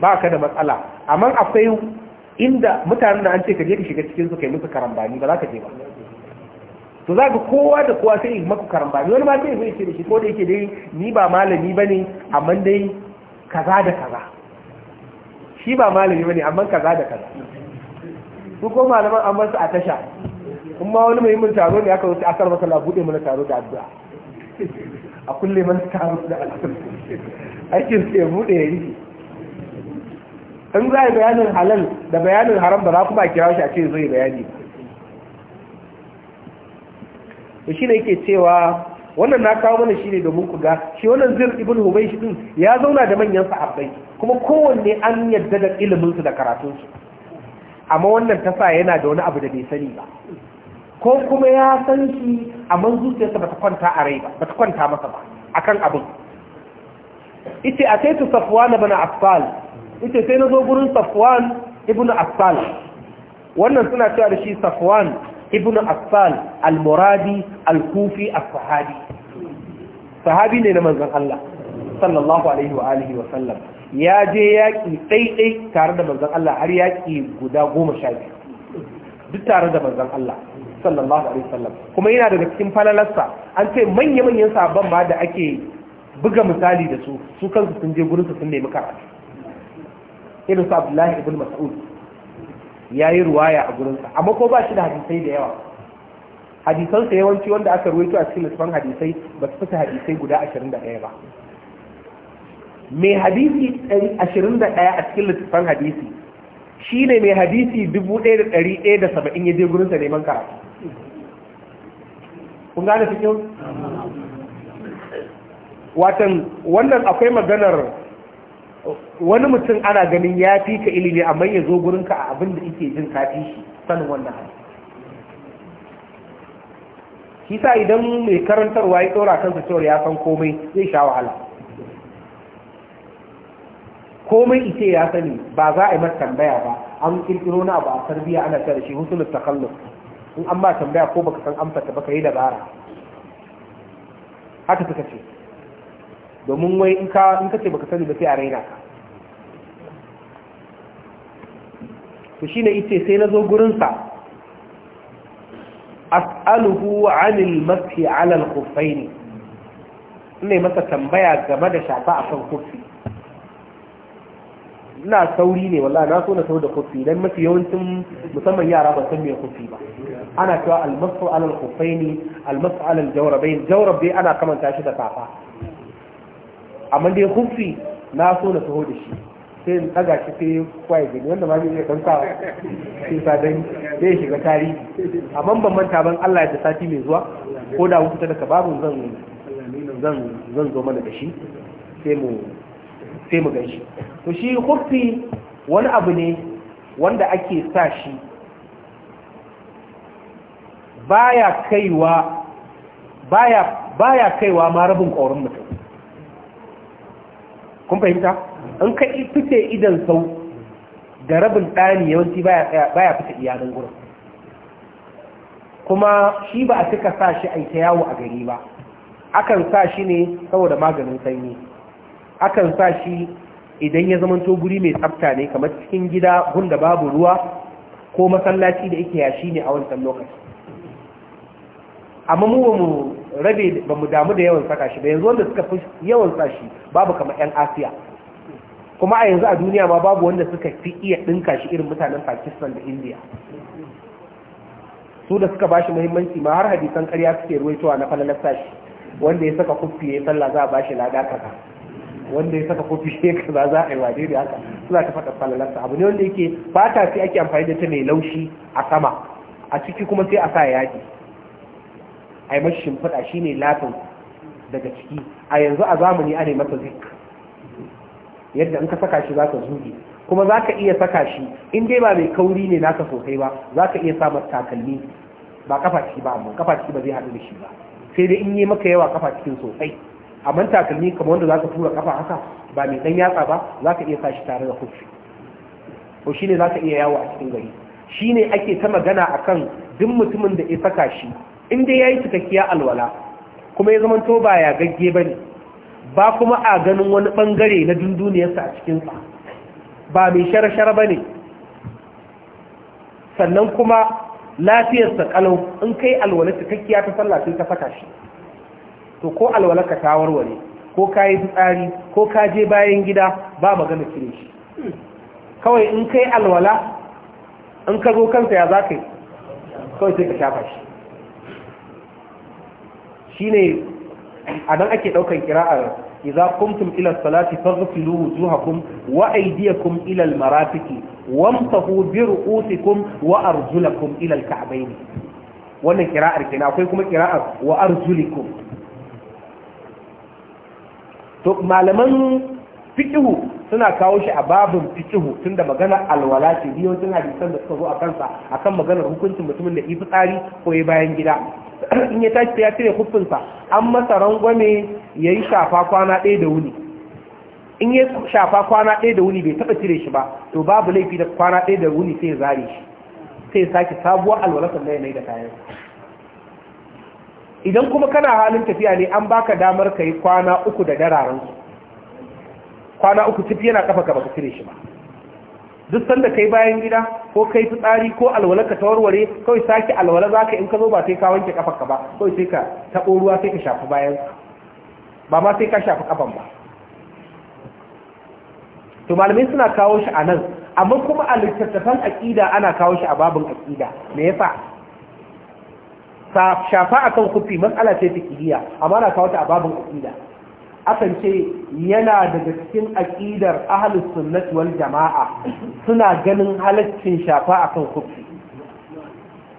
ba ka da matsala amma akwai inda mutanen da an ce ka je ka shiga cikin su kai musu karambani ba za ka je ba to za ka kowa da kowa sai yi maku karambani wani ma sai zai ce da shi ko da yake dai ni ba malami ba ne amma dai kaza da kaza shi ba malami ba ne amma kaza da kaza su ko malaman an su a tasha kuma wani mai mun taro ne aka wuce akar masala bude mana taro da addu'a a kulle man tarus da alkul aikin sai bude ya in za bayanin halal da bayanin haram ba za ku ba kira shi a ce zai bayani to shine yake cewa wannan na kawo mana shine domin ku ga shi wannan zir ibn hubaysh din ya zauna da manyan sahabbai kuma kowanne an yadda da ilimin su da karatun su amma wannan tasa yana da wani abu da bai sani ba ko kuma ya san shi a amma zuciyarsa bata kwanta a rai ba bata kwanta masa ba akan abin ita a sai tu safwan ibn affal ita sai nazo gurin safwan ibn affal wannan suna cewa da shi safwan ibn affal al-muradi al-kufi as-sahabi sahabi ne na manzon Allah sallallahu alaihi wa alihi wa sallam ya je yaƙi daidai tare da manzon Allah har yaƙi guda goma sha biyu duk tare da manzon Allah sallallahu alaihi wasallam kuma yana daga cikin falalarsa an ce manya manyan sabon ma da ake buga misali da su su kansu sun je gurin su sun nemi karatu irin su Abdullahi ibn Mas'ud yayi ruwaya a gurin sa amma ko ba shi da hadisai da yawa hadisan sa yawanci wanda aka ruwaito a cikin littafin hadisai ba su fita hadisai guda 21 ba mai hadisi 21 a cikin littafin hadisi shi ne mai hadisi 1170 ya je gurinsa neman karatu kun gane kyau? watan wannan akwai maganar wani mutum ana ganin ya fi ka ilimi amma ya zo gurinka a abin da ike jin kafi shi sanin wannan hali kisa idan mai karantarwa ya tsora kansa cewar ya san komai zai sha wahala komai ite ya sani ba za a yi masa tambaya ba an kirkiro na abu a sarbiya ana da shi husulut takalluf in an ba tambaya ko baka san amsa ta baka yi dabara haka suka ce domin wai in ka in ka ce baka sani ba sai a raina ka to shine yace sai na zo gurin sa as'aluhu 'anil mashi 'ala al-khuffayn ne masa tambaya game da shafa akan kufi ina sauri ne wallahi na so na sauri da kufi dan mafi yawancin musamman yara ba san me kufi ba ana cewa almasu alal ne almasu alal jawrabain jawrabai ana kamanta shi da safa amma dai kufi na so na so da shi sai in daga shi sai kwaye gani wanda ma zai dan sa shi sa dan zai shiga tarihi amma ban manta ban Allah ya da sati mai zuwa ko da wuta daga babu zan zan zan zo mana da shi sai mu sai mu ganshi to shi hufi wani abu ne wanda ake sa shi baya kaiwa baya baya kaiwa ma rabin ƙorin mutum kun fahimta in ka fice idan sau da rabin ɗani yawanci baya fita iyalan gurin kuma shi ba a cika sa shi aita yawo a gari ba akan sa shi ne saboda maganin sanyi akan sa shi idan ya zamanto guri mai tsafta ne kamar cikin gida gunda babu ruwa ko masallaci da yake yashi ne a wancan lokaci amma mu ba mu rabe ba mu damu da yawan saka shi ba yanzu wanda suka fi yawan sa shi babu kamar yan asiya kuma a yanzu a duniya ma babu wanda suka fi iya ɗinka shi irin mutanen pakistan da Indiya. su da suka bashi muhimmanci ma har hadisan ƙarya suke ruwaitowa na falalar sashi wanda ya saka kuffi ya sallah za a bashi lada kaka wanda ya saka kofi shi kaza za a yi waje da haka suna ta faɗa falalarsa abu ne wanda yake fata sai ake amfani da ta mai laushi a sama a ciki kuma sai a sa yaji a yi mashi shimfiɗa shi ne latin daga ciki a yanzu a zamani ana masa zik yadda in ka saka shi za ka zuge kuma za ka iya saka shi in dai ba mai kauri ne naka sosai ba za ka iya samun takalmi ba kafa ciki ba amma kafa ciki ba zai haɗu da shi ba sai dai in yi maka yawa kafa cikin sosai amma takalmi kamar wanda zaka tura kafa haka ba mai dan yatsa ba zaka iya sashi tare da kufi ko shine zaka iya yawo a cikin gari shine ake ta magana akan duk mutumin da ya saka shi in dai yayi cikakkiya alwala kuma ya zama to ba ya gagge bane ba kuma a ganin wani bangare na sa a cikin sa ba mai sharashara bane sannan kuma lafiyarsa kalau in kai alwala cikakkiya ta sallah sai ka saka shi to ko alwalaka ta warware ko ka yi tsari, ko ka je bayan gida ba magana cire shi kawai in kai alwala in ka zo kansa ya za ka yi kawai sai ka shafa shi shi ne a nan ake ɗaukar kira'ar iza kuntum ila salati faghsilu wujuhakum wa aydiyakum ila almarafiqi wamsahu bi ru'usikum wa arjulakum ila alka'bayn wannan kira'ar kenan akwai kuma kira'ar wa arjulikum to malaman fikihu suna kawo shi a babin fikihu tunda magana alwala ce biyo tun hadisan da suka zo a kansa akan maganar hukuncin mutumin da ifi tsari ko ya bayan gida in ya tashi ya cire hukunsa an masa rangwame ya yi shafa kwana ɗaya da wuni in ya shafa kwana ɗaya da wuni bai taɓa cire shi ba to babu laifi da kwana ɗaya da wuni sai ya zare shi sai ya sake sabuwar alwala sannan ya da kayan idan kuma kana halin tafiya ne an baka damar ka yi kwana uku da dararen su kwana uku tafi yana kafa ka baka cire shi ba duk sanda kai bayan gida ko kai fitsari ko alwala ka tawarware kawai sake alwala za ka in ka zo ba sai ka wanke kafa ka ba kawai sai ka tabo ruwa sai ka shafi bayan ba ma sai ka shafi kafan ba to malamai suna kawo shi a nan amma kuma a littattafan aƙida ana kawo shi a babin aƙida me yasa shafa a kan kufi matsala ce fikiriya amma na kawo ta a babin aqida akan ce yana daga cikin aƙidar ahalus sunnati wal jama'a suna ganin halaccin shafa a kan kufi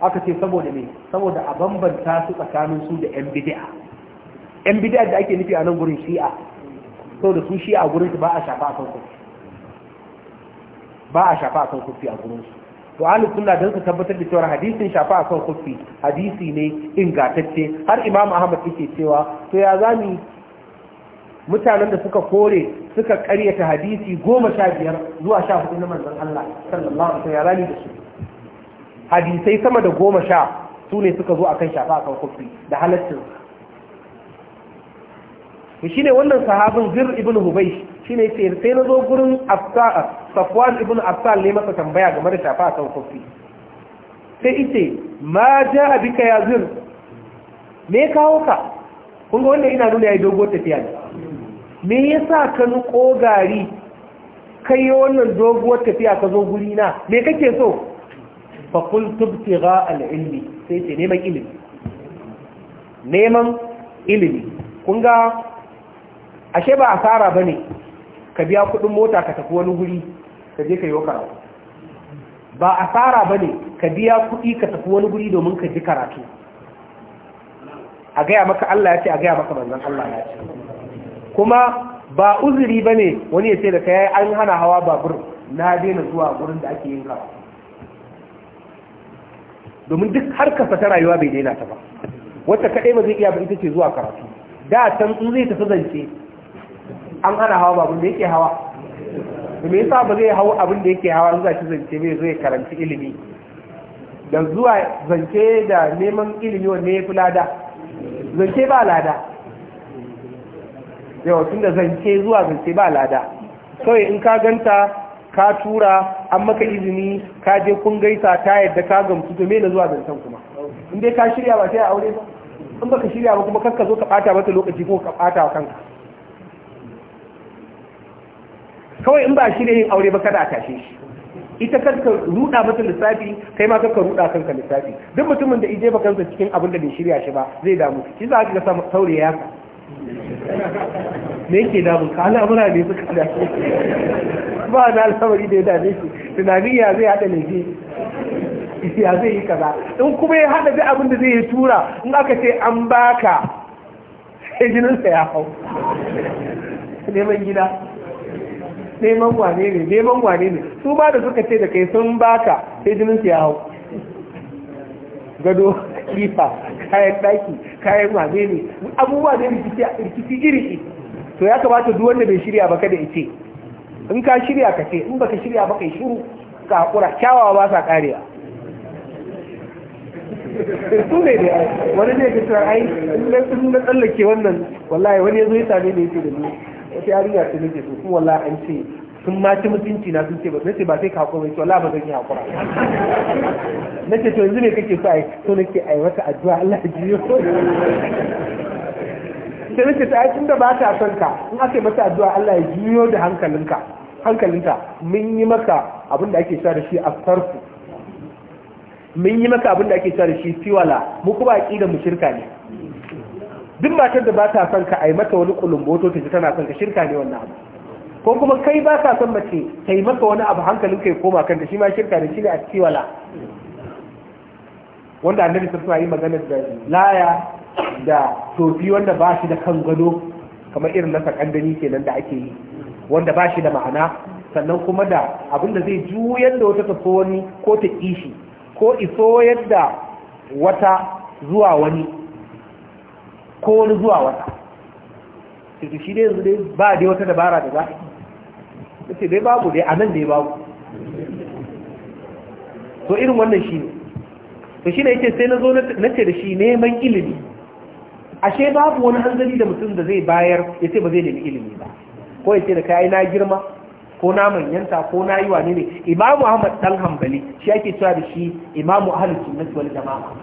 aka ce saboda me saboda a bambanta su tsakanin su da yan bidi'a. yan bidi'a da ake nufi a nan gurin shi'a saboda su shi'a gurin su ba a shafa kan kufi ba a shafa kan kufi a gurin su to ahli sunna dan su tabbatar da cewa hadisin shafa akan kufi hadisi ne ingatacce har imam ahmad yake cewa to ya zami mutanen da suka kore suka karyata hadisi goma sha biyar zuwa sha na manzon Allah sallallahu alaihi wasallam ya da su hadisai sama da goma sha su ne suka zo akan shafa akan kufi da halaccin to shine wannan sahabin zir ibn shi shine yace sai na zo gurin afsa safwan ibn afsal ne masa tambaya game da shafa kan kofi sai ite ma jaa bika ya zir me kawo ka kun ga ina nuna yi dogo tafiya ne me yasa ka nuko gari kai wannan doguwar tafiya ka zo guri na me kake so fa qul tubtigha al-ilmi sai ce neman ilimi neman ilimi kunga ashe ba asara ba ne ka biya kudin mota ka tafi wani guri ka je ka yi karatu ba asara ba ne ka biya kudi ka tafi wani guri domin ka ji karatu a gaya maka Allah ya ce a gaya maka manzan Allah ya ce kuma ba uzuri ba ne wani ya ce da ka yi an hana hawa babur na daina zuwa gurin da ake yin karatu domin duk har kasa ta rayuwa bai daina ta ba Wata kaɗai ba zai iya ba ita ce zuwa karatu da can in zai tafi zance an hana hawa babun da yake hawa me yasa ba zai hau abin da yake hawa zuwa shi zance bai zai karanci ilimi da zuwa zance da neman ilimi wanne ya fi lada zance ba lada Yau tun da zance zuwa zance ba lada kawai in ka ganta ka tura an maka izini ka je kun gaisa ta yadda ka gamsu to mena zuwa zancen kuma in dai ka shirya ba sai a aure ba in baka shirya ba kuma kakka zo ka bata mata lokaci ko ka bata wa kanka kawai in ba shi ne yin aure ba kada a tashe shi ita kanka ruda mata lissafi kai ma kanka ruda kanka lissafi duk mutumin da ije ba kansa cikin abin da bai shirya shi ba zai damu shi za ka ga saure ya ka me yake damu ka al'amura ne suka da shi. ba na al'amari da ya dame shi tunani ya zai hada lefe ya zai yi kaza in kuma ya hada duk abin da zai yi tura in aka ce an baka sai jininsa ya hau neman gida neman wane ne neman wane ne su ba da suka ce da kai sun baka sai jinin su ya hau gado kifa kayan daki kayan wane ne abubuwa ne rikici rikici iri to ya kamata duk wanda bai shirya ba kada ice in ka shirya ka ce in baka shirya baka yi shuru ka hakura kyawawa ba sa karewa su ne da wani ne ga cewa ai sun na tsallake wannan wallahi wani ya zo ya same ya ce da ni wata yarinya ce nake so kuma wallahi an ce sun ma ci mutunci na sun ce ba nace ba sai ka hakura ce wallahi ba zan yi hakura nace to yanzu me kake so ai to nake ai wata addu'a Allah ya jiyo sai nake ta aikin da ba ta son ka in aka yi mata addu'a Allah ya jiyo da hankalinka hankalinta mun yi maka abin da ake sa da shi a sarfu mun yi maka abin da ake sa da shi tiwala mu kuma aqida mu shirka ne duk matar da ba ta son ka ai mata wani kulumboto ta ji tana son ka shirka ne wannan abu ko kuma kai ba ka son mace ta yi maka wani abu hankalin kai koma kan da shi ma shirka da shi ne a ciwala wanda annabi sun suna yi magana da laya da tofi wanda ba shi da kan gado kamar irin na sakandani kenan da ake yi wanda ba shi da ma'ana sannan kuma da abin da zai juyar da wata taso wani ko ta kishi ko iso yadda wata zuwa wani ko wani zuwa wata sai shi dai yanzu dai ba dai wata dabara da za a ce dai babu dai a nan dai babu to irin wannan shi ne to shi ne yake sai na zo na ce da shi neman ilimi ashe babu wani hanzari da mutum da zai bayar ya ce ba zai nemi ilimi ba ko ya ce da kayi na girma ko na manyanta ko na yi wane ne imamu ahmad dan hambali shi ake cewa da shi imamu ahlus sunnah wani jamaa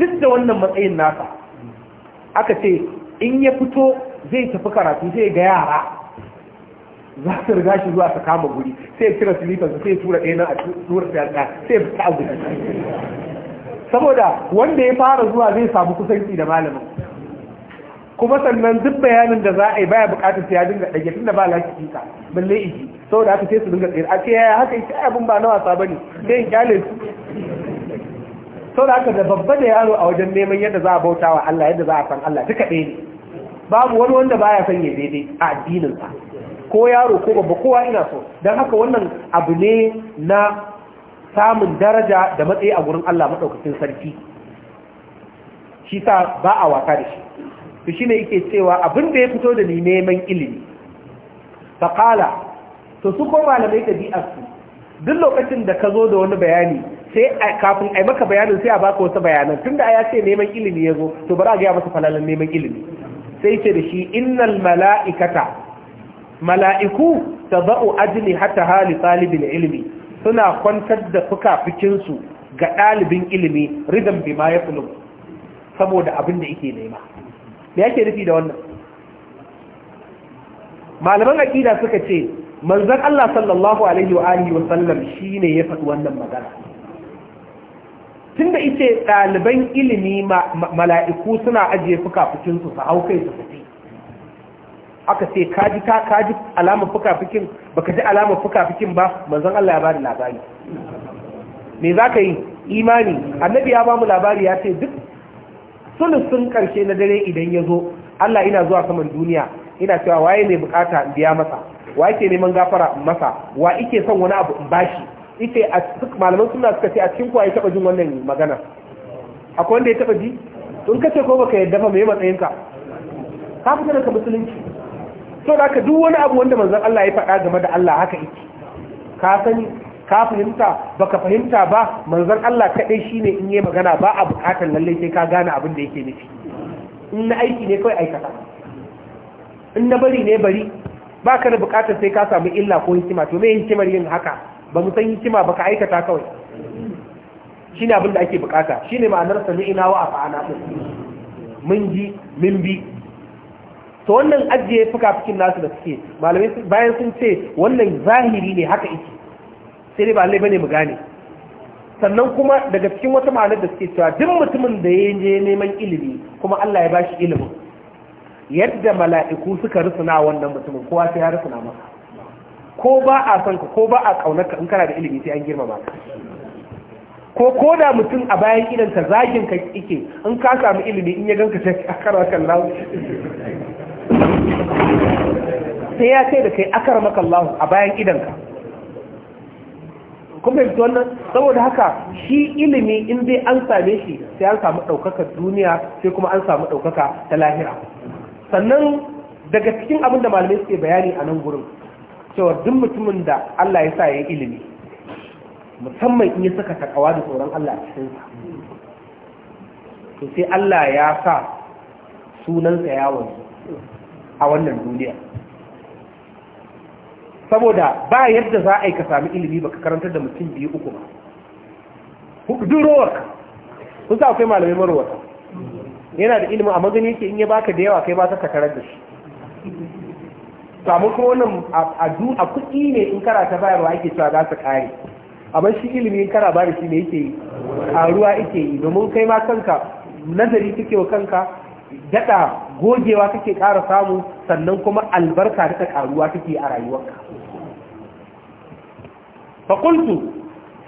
duk da wannan matsayin nasa aka ce in ya fito zai tafi karatu sai ga yara za su riga shi zuwa su kama guri sai ya cire silifansa sai ya tura ɗaya na a tura ɗaya sai ya fita guri saboda wanda ya fara zuwa zai samu kusanci da malamin kuma sannan duk bayanin da za a yi baya bukatar sai ya dinga ɗage tun da ba lafi ka balle iji saboda aka ce su dinga tsira a ce yaya haka ita abin ba na wasa bane sai ya kyale su sau da haka da babba da yaro a wajen neman yadda za a bauta wa Allah yadda za a san Allah duka ɗaya ne babu wani wanda baya ya ya daidai a addininsa ko yaro ko babba kowa ina so don haka wannan abu ne na samun daraja da matsayi a gurin Allah maɗaukacin sarki shi sa ba a waka da shi to shine yake cewa abin da ya fito da ni neman ilimi faqala to su ko malamai ɗabi'arsu duk lokacin da ka zo da wani bayani sai kafin a maka bayanin sai a baka wasu bayanan tunda ya ce neman ilimi ya zo to bari a gaya masa falalan neman ilimi sai ce da shi innal mala'ikata mala'iku ta tadau ajini hata hali talibin ilimi suna kwantar da fukafikin fikinsu ga ɗalibin ilimi bi bima ya kulub saboda abin da yake nema me yake nufi da wannan malaman aqida suka ce manzon Allah sallallahu alaihi wa alihi wa sallam shine ya faɗi wannan magana tun da ice ɗaliban ilimi mala'iku suna ajiye fuka fukafukinsu su hau kai su fiti aka ce kaji ta kaji alamar ba baka ji alamar fukin ba manzan Allah ya da labari me za ka yi imani annabi ya ba mu labari ya ce duk sulusun karshe na dare idan ya zo Allah ina zuwa saman duniya ina cewa waye mai bukata biya masa wa ike neman gafara masa wa ike son wani abu in bashi ita a malaman suna suka ce a cikin kuwa ya taba jin wannan magana akwai wanda ya taba ji in ka ce ko baka yadda fa mai matsayin ka ka fita daga musulunci so da ka duk wani abu wanda manzon Allah ya faɗa game da Allah haka yake ka sani ka fahimta baka fahimta ba manzon Allah shi shine in yi magana ba a buƙatar lallai sai ka gane abin da yake nufi in na aiki ne kawai aikata in na bari ne bari ba ka da bukatar sai ka samu illa ko hikima to me hikimar yin haka ba mu san hikima ba ka aikata kawai shi ne abin ake bukata shi ne ma'anar sami'ina wa a fa'ana mun ji min bi to wannan ajiye fuka-fukin nasu da suke malamai bayan sun ce wannan zahiri ne haka iki sai dai ba lai bane mu gane sannan kuma daga cikin wata ma'anar da suke cewa duk mutumin da ya je neman ilimi kuma Allah ya bashi ilimin yadda mala'iku suka rusuna wannan mutumin kowa sai ya rusuna masa ko ba a son ka ko ba a kaunar ka in kana da ilimi sai an girmama ka ko ko da mutum a bayan idan ta zagin ka yake in ka samu ilimi in ya ganka sai a karwa kan sai ya sai da kai akar maka Allah a bayan idan ka kun fahimci wannan saboda haka shi ilimi in dai an same shi sai an samu ɗaukaka duniya sai kuma an samu ɗaukaka ta lahira sannan daga cikin abin da malamai suke bayani a nan gurin cewa duk mutumin da Allah ya sa ya ilimi musamman in ya saka takawa da tsoron Allah a cikinsa to sai Allah ya sa sunansa ya wanzu a wannan duniya saboda ba yadda za a yi ka sami ilimi baka karantar da mutum biyu uku ba durowar rowarka kun sa akwai malamai marowata yana da ilimi a magani yake in ya baka da yawa kai ba ta karar da shi samu kuma wannan a a kuɗi ne in karata ta bayarwa ake cewa za su kare amma shi ilimi in kara bada shi ne yake yi a ruwa yake yi domin kai ma kanka nazari kake wa kanka gada gogewa kake kara samu sannan kuma albarka ta karuwa kake a rayuwarka fakultu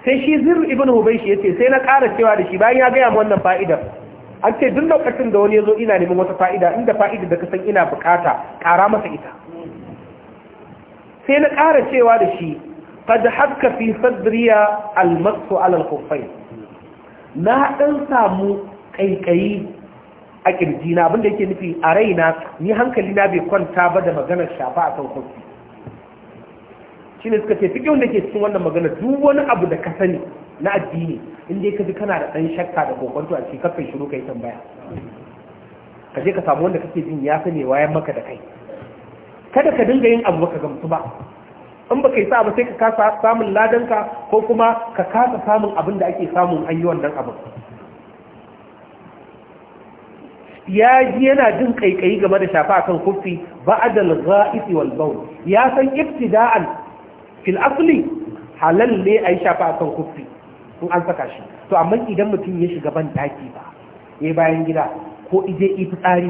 sai shi zir ibn shi ya ce sai na ƙara cewa da shi bayan ya gaya mu wannan faida an ce duk lokacin da wani ya zo ina neman wata fa'ida inda fa'ida da ka san ina bukata ƙara masa ita sai na ƙara cewa da shi kada haka fi sadriya almasu alal kufai na ɗan samu ƙaiƙayi a ƙirjina abinda yake nufi a raina ni hankali na bai kwanta ba da maganar shafa a kan kofi shi ne suka ce fi da ke cikin wannan maganar duk wani abu da ka sani na addini inda ka kaji kana da ɗan shakka da kokonto a cikin kafin shiru ka yi tambaya ka je ka samu wanda kake jin ya sani wayan maka da kai kada ka dinga yin abu baka gamsu ba in baka yi sa ba sai ka kasa samun ladanka ko kuma ka kasa samun abin da ake samun an yi wannan abin ya ji yana jin kaikayi game da shafa akan kufi ba'adal gha'iti wal bawl ya san ibtida'an fil asli halal ne yi shafa akan kufi in an saka shi to amma idan mutum ya shiga ban daki ba ya bayan gida ko ije ifitsari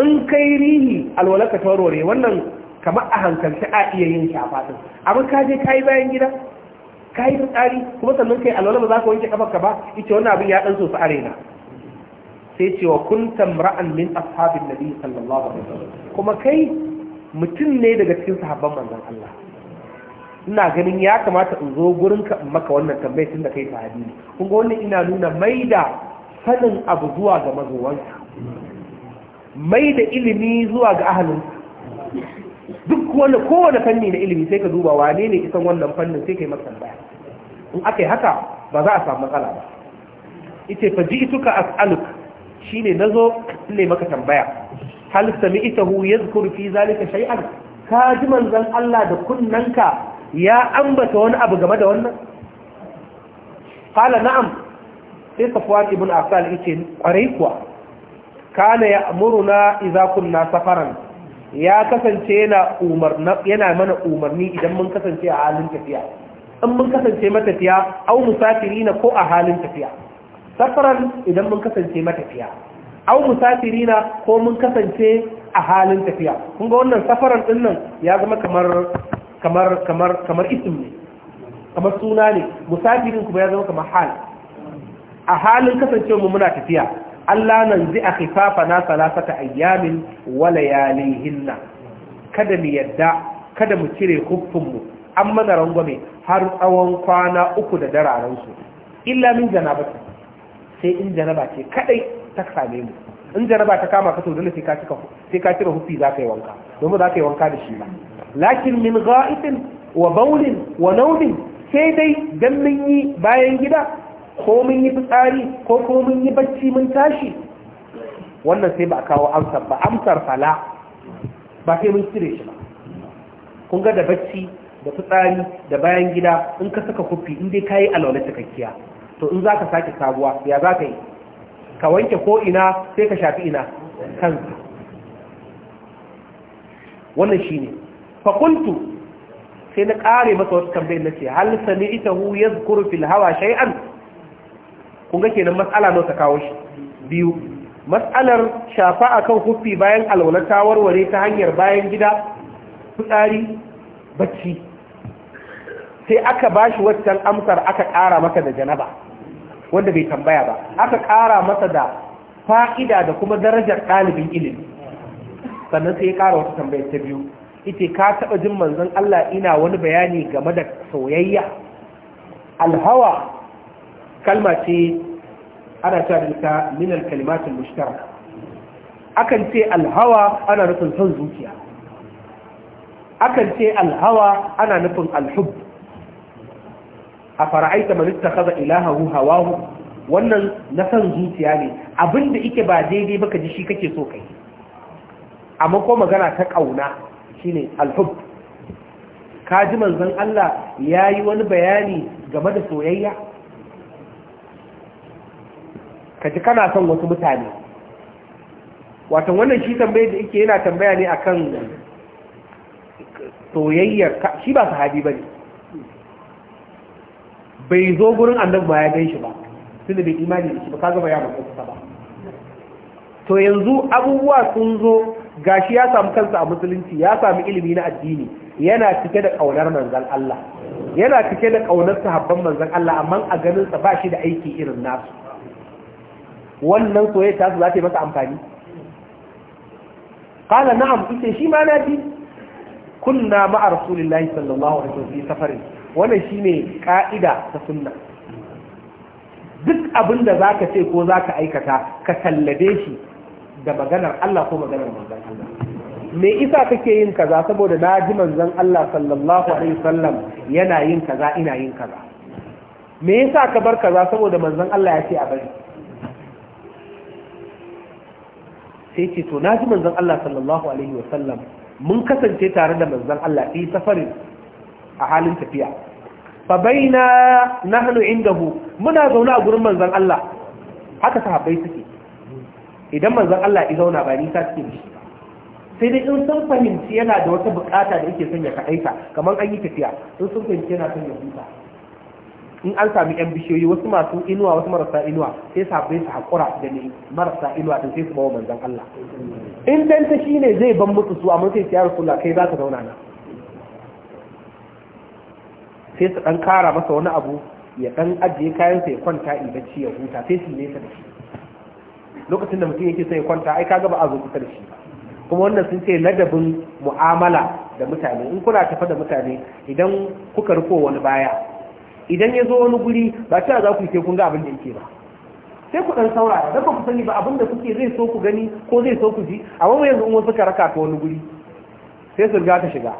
in kai rihi alwalaka ta wannan kamar a hankalci a iya yin shafa Abin ka je kayi bayan gida ka yi fitsari kuma sannan kai alwala ba za ka wanke kafarka ba ita wannan abin ya dan so su arena sai ce wa kunta mra'an min ashabin nabi sallallahu alaihi wasallam kuma kai mutum ne daga cikin sahabban manzon Allah ina ganin ya kamata in zo gurin ka in maka wannan tambayar tunda kai sahabi ne kun ga wannan ina nuna maida sanin abu zuwa ga mazowanka mai da ilimi zuwa ga ahalin duk wanda kowane fanni na ilimi sai ka duba wane ne isan wannan fannin sai ka yi masa tambaya in aka yi haka ba za a samu matsala ba ita fa ji ituka as'aluk shine nazo ne maka tambaya hal ya yadhkuru fi zalika shay'an ka ji manzon Allah da kunnanka ya ambata wani abu game da wannan qala na'am sai safwan ibn afsal ita, kwarai kuwa kana ya amuruna idza kunna safaran ya kasance yana umar yana mana umarni idan mun kasance a halin tafiya in mun kasance matafiya au musafirina ko a halin tafiya safaran idan mun kasance matafiya au musafirina ko mun kasance a halin tafiya kun ga wannan safaran din nan ya zama kamar kamar kamar kamar isim ne kamar suna ne musafirin kuma ya zama kamar hal a halin kasancewa mu muna tafiya Allah nan zai a kifafa na ta ayyamin wala hinna. kada mu yadda kada mu cire hukunmu an mana rangwame har tsawon kwana uku da dararensu illa min janabata sai in janaba ce kadai ta same mu in janaba ta kama ka to dole sai ka cire hufi za ka yi wanka domin za ka yi wanka da shi ba lakin min gha'itin wa baunin wa nawmin sai dai dan mun yi bayan gida ko mun yi fitsari ko ko mun yi bacci mun tashi wannan sai ba a kawo amsar ba amsar fala ba sai mun cire shi ba kun ga da bacci da fitsari da bayan gida in ka saka kufi in dai kayi alwala cikakkiya to in zaka sake sabuwa ya zaka yi ka wanke ko ina sai ka shafi ina kanka wannan shine fa qultu sai na kare masa wata tambayar nace hal sami'tahu yadhkuru fil hawa shay'an kun kenan matsala nawa ta kawo shi biyu matsalar shafa akan huffi bayan alwala ta warware ta hanyar bayan gida fitsari bacci sai aka ba shi waccan amsar aka ƙara masa da janaba wanda bai tambaya ba aka ƙara masa da fa'ida da kuma darajar ɗalibin ilimi sannan sai ya ƙara wata tambayar ta biyu ita ka taɓa jin manzon Allah ina wani bayani game da soyayya alhawa kalma ce ana ta ita min al akan ce alhawa ana nufin son zuciya akan ce alhawa ana nufin alhub a fara'aita man ittakhadha ilahahu hawahu wannan na son zuciya ne abinda ike ba daidai baka ji shi kake so kai amma ko magana ta kauna shine alhub ji manzon Allah yayi wani bayani game da soyayya ka ji kana son wasu mutane watan wannan shi tambayar da yake yana tambaya ne akan soyayyar shi ba haɗi ba ne bai zo gurin annabi ba ya gan shi ba tun da bai imani da shi ba kaga ba ya ta ba to yanzu abubuwa sun zo gashi ya samu kansa a musulunci ya samu ilimi na addini yana cike da ƙaunar manzan Allah yana cike da ƙaunar sahabban manzan Allah amma a ganin sa ba shi da aiki irin nasu wannan soyayya ta su za ta yi masa amfani na na'am ita shi ma na ji kunna ma'a rasulillahi sallallahu alaihi wasallam fi safarin wannan shine ka'ida ta sunna duk abin da ka ce ko ka aikata ka tallabe shi da maganar Allah ko maganar manzon Allah me isa kake yin kaza saboda na ji manzan Allah sallallahu alaihi wasallam yana yin kaza ina yin kaza me yasa ka bar kaza saboda manzan Allah ya ce a bari sai ce to naji manzon Allah sallallahu alaihi wa sallam mun kasance tare da manzon Allah fi safarin a halin tafiya fa baina nahnu indahu muna zauna a gurin manzon Allah haka sahabbai suke idan manzon Allah ya zauna ba nisa suke shi sai dai in sun fahimci yana da wata bukata da yake son ya aika kamar an yi tafiya in sun fahimci yana sanya ya huta in an sami yan bishiyoyi wasu masu inuwa wasu marasa inuwa sai sabai su haƙura da ne marasa inuwa din sai su bawa manzan Allah in dan ta shine zai ban mutu su amma sai ya rasulullah kai za ka zauna na sai su dan kara masa wani abu ya dan ajiye kayan sa ya kwanta in bacci ya huta sai su nesa da shi lokacin da mutum yake son ya kwanta ai kaga ba a zo kusa da shi kuma wannan sun ce ladabin mu'amala da mutane in kuna tafa da mutane idan kuka riko wani baya idan ya zo wani guri ba ta za ku yi tekun ga abin da yake ba sai ku dan saurara ba ku sani ba abin da kuke zai so ku gani ko zai so ku ji amma mu yanzu in wasu ka raka ta wani guri sai su ga ta shiga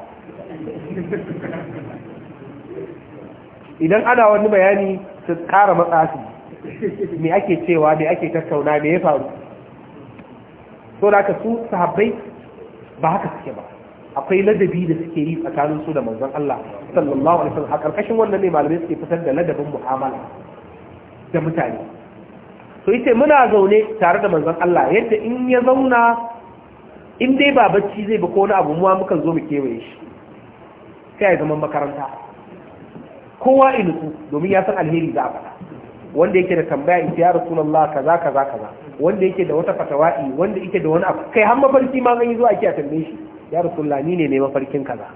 idan ana wani bayani su kara matsa su me ake cewa me ake tattauna me ya faru So da su sahabbai ba haka suke ba akwai ladabi da suke yi tsakanin su da manzon Allah sallallahu alaihi wasallam a karkashin wannan ne malamai suke fitar da ladabin mu'amala da mutane to yace muna zaune tare da manzon Allah yadda in ya zauna in dai ba bacci zai ba ko wani abu muwa mukan zo mu kewaye shi sai ya zama makaranta kowa inutu domin ya san alheri za a faɗa wanda yake da tambaya in ya rasulullah kaza kaza kaza wanda yake da wata fatawa'i wanda yake da wani abu kai har mafarki ma zan yi zuwa ake a tambaye shi ya rasulullah ni ne ne mafarkin kaza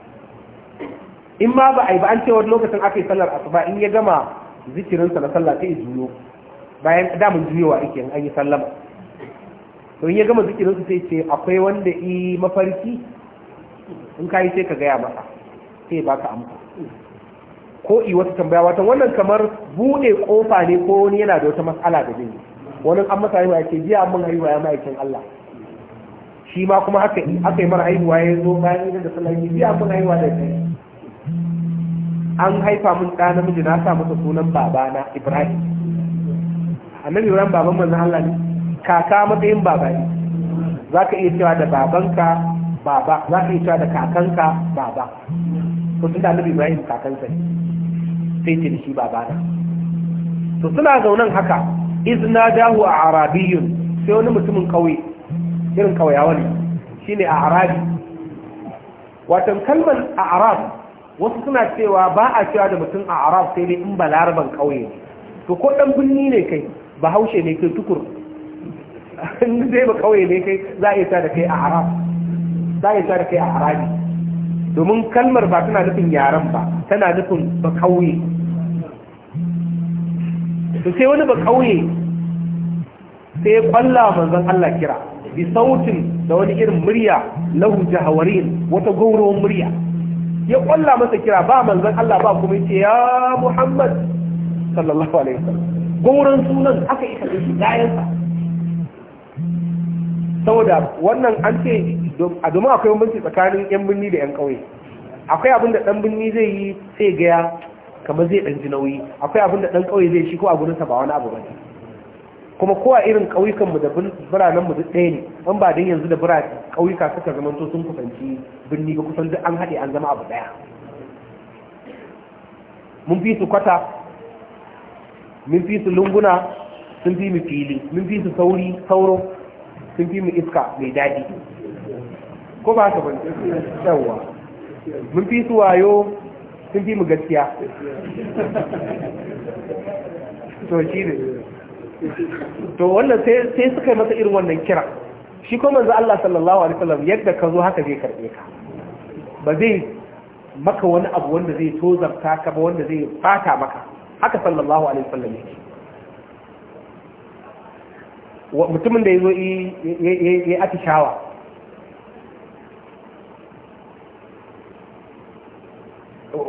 in ma ba a yi ba an ce wani lokacin aka yi sallar asuba in ya gama zikirinsa na sallah sai juyo bayan damun juyowa ake an yi sallama to in ya gama zikirinsa sai ce akwai wanda i mafarki in ka yi sai ka gaya masa sai ba ka amsa ko i wata tambaya wata wannan kamar bude kofa ne ko wani yana da wata mas'ala da zai wani an masa haihuwa ce jiya an mun haihuwa ya ma'aikin Allah shi ma kuma yi aka yi mara haihuwa ya zo bayan yi da sallah ya biya haihuwa da kai an haifa mun ɗa namiji na sa masa sunan babana Ibrahim annabi ran baban manzon Allah ne kaka matsayin baba ne zaka iya cewa da babanka baba zaka iya cewa da kakanka baba to tunda annabi Ibrahim kakansa ne sai ce da shi babana to suna zaunan haka izna dahu a arabiyyun sai wani mutumin kauye irin kawayawa ne shine a arabi watan kalmar a arab wasu suna cewa ba a cewa da mutum a arab sai dai in ba laraban kauye to ko dan birni ne kai ba haushe ne kai tukur in zai ba kauye ne kai za a yi ta da kai a arab za a yi ta da kai a arabi domin kalmar ba tana nufin yaren ba tana nufin ba kauye to sai wani ba kauye sai ya kwalla manzon Allah kira bi sautin da wani irin murya lahu jahawarin wata gaurowar murya ya kwalla masa kira ba manzon Allah ba kuma yace ya Muhammad sallallahu alaihi wasallam gauran sunan aka isa da shi dayansa saboda wannan an ce a domin akwai bambanci tsakanin yan birni da yan ƙauye akwai abin da ɗan birni zai yi sai gaya kamar zai ɗan ji nauyi akwai abin da ɗan ƙauye zai shi ko a gurinsa ba wani abu ba ne kuma kowa irin ƙauyukanmu da biranenmu duk ɗaya ne an ba don yanzu da ƙauyuka suka to sun kusanci birni ba kusan duk an haɗe an zama abu ɗaya mun fi su kwata mun fi su lunguna sun fi mu fili mun fi su sauri sauro sun fi mu iska mai daɗi ko ba ka bane yawa mun fi su wayo sun fi mu gaskiya to shi ne to wannan sai suka yi masa irin wannan kira shi kuma manzo Allah sallallahu alaihi wasallam yadda ka zo haka zai karbe ka ba zai maka wani abu wanda zai tozarta ka ba wanda zai fata maka haka sallallahu alaihi wasallam yake mutumin da ya zo yi atishawa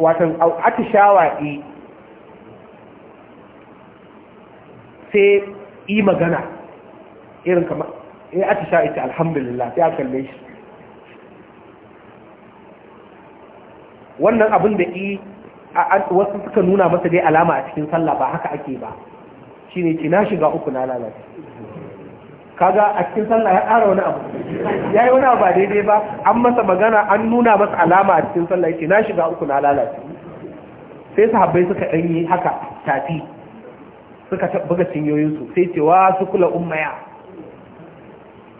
watan atishawa yi sai yi magana irin kamar ya ake sha ita alhamdulillah sai a kalle shi wannan abin da yi wasu suka nuna masa dai alama a cikin sallah ba haka ake ba shi ne ki na shiga uku na lalata kaga a cikin sallah ya ƙara wani abu ya yi wani abu ba daidai ba an masa magana an nuna masa alama a cikin sallah ce na shiga uku na lalata sai sahabbai suka ɗanyi haka tafi suka buga cinyoyinsu sai ce wa su kula ummaya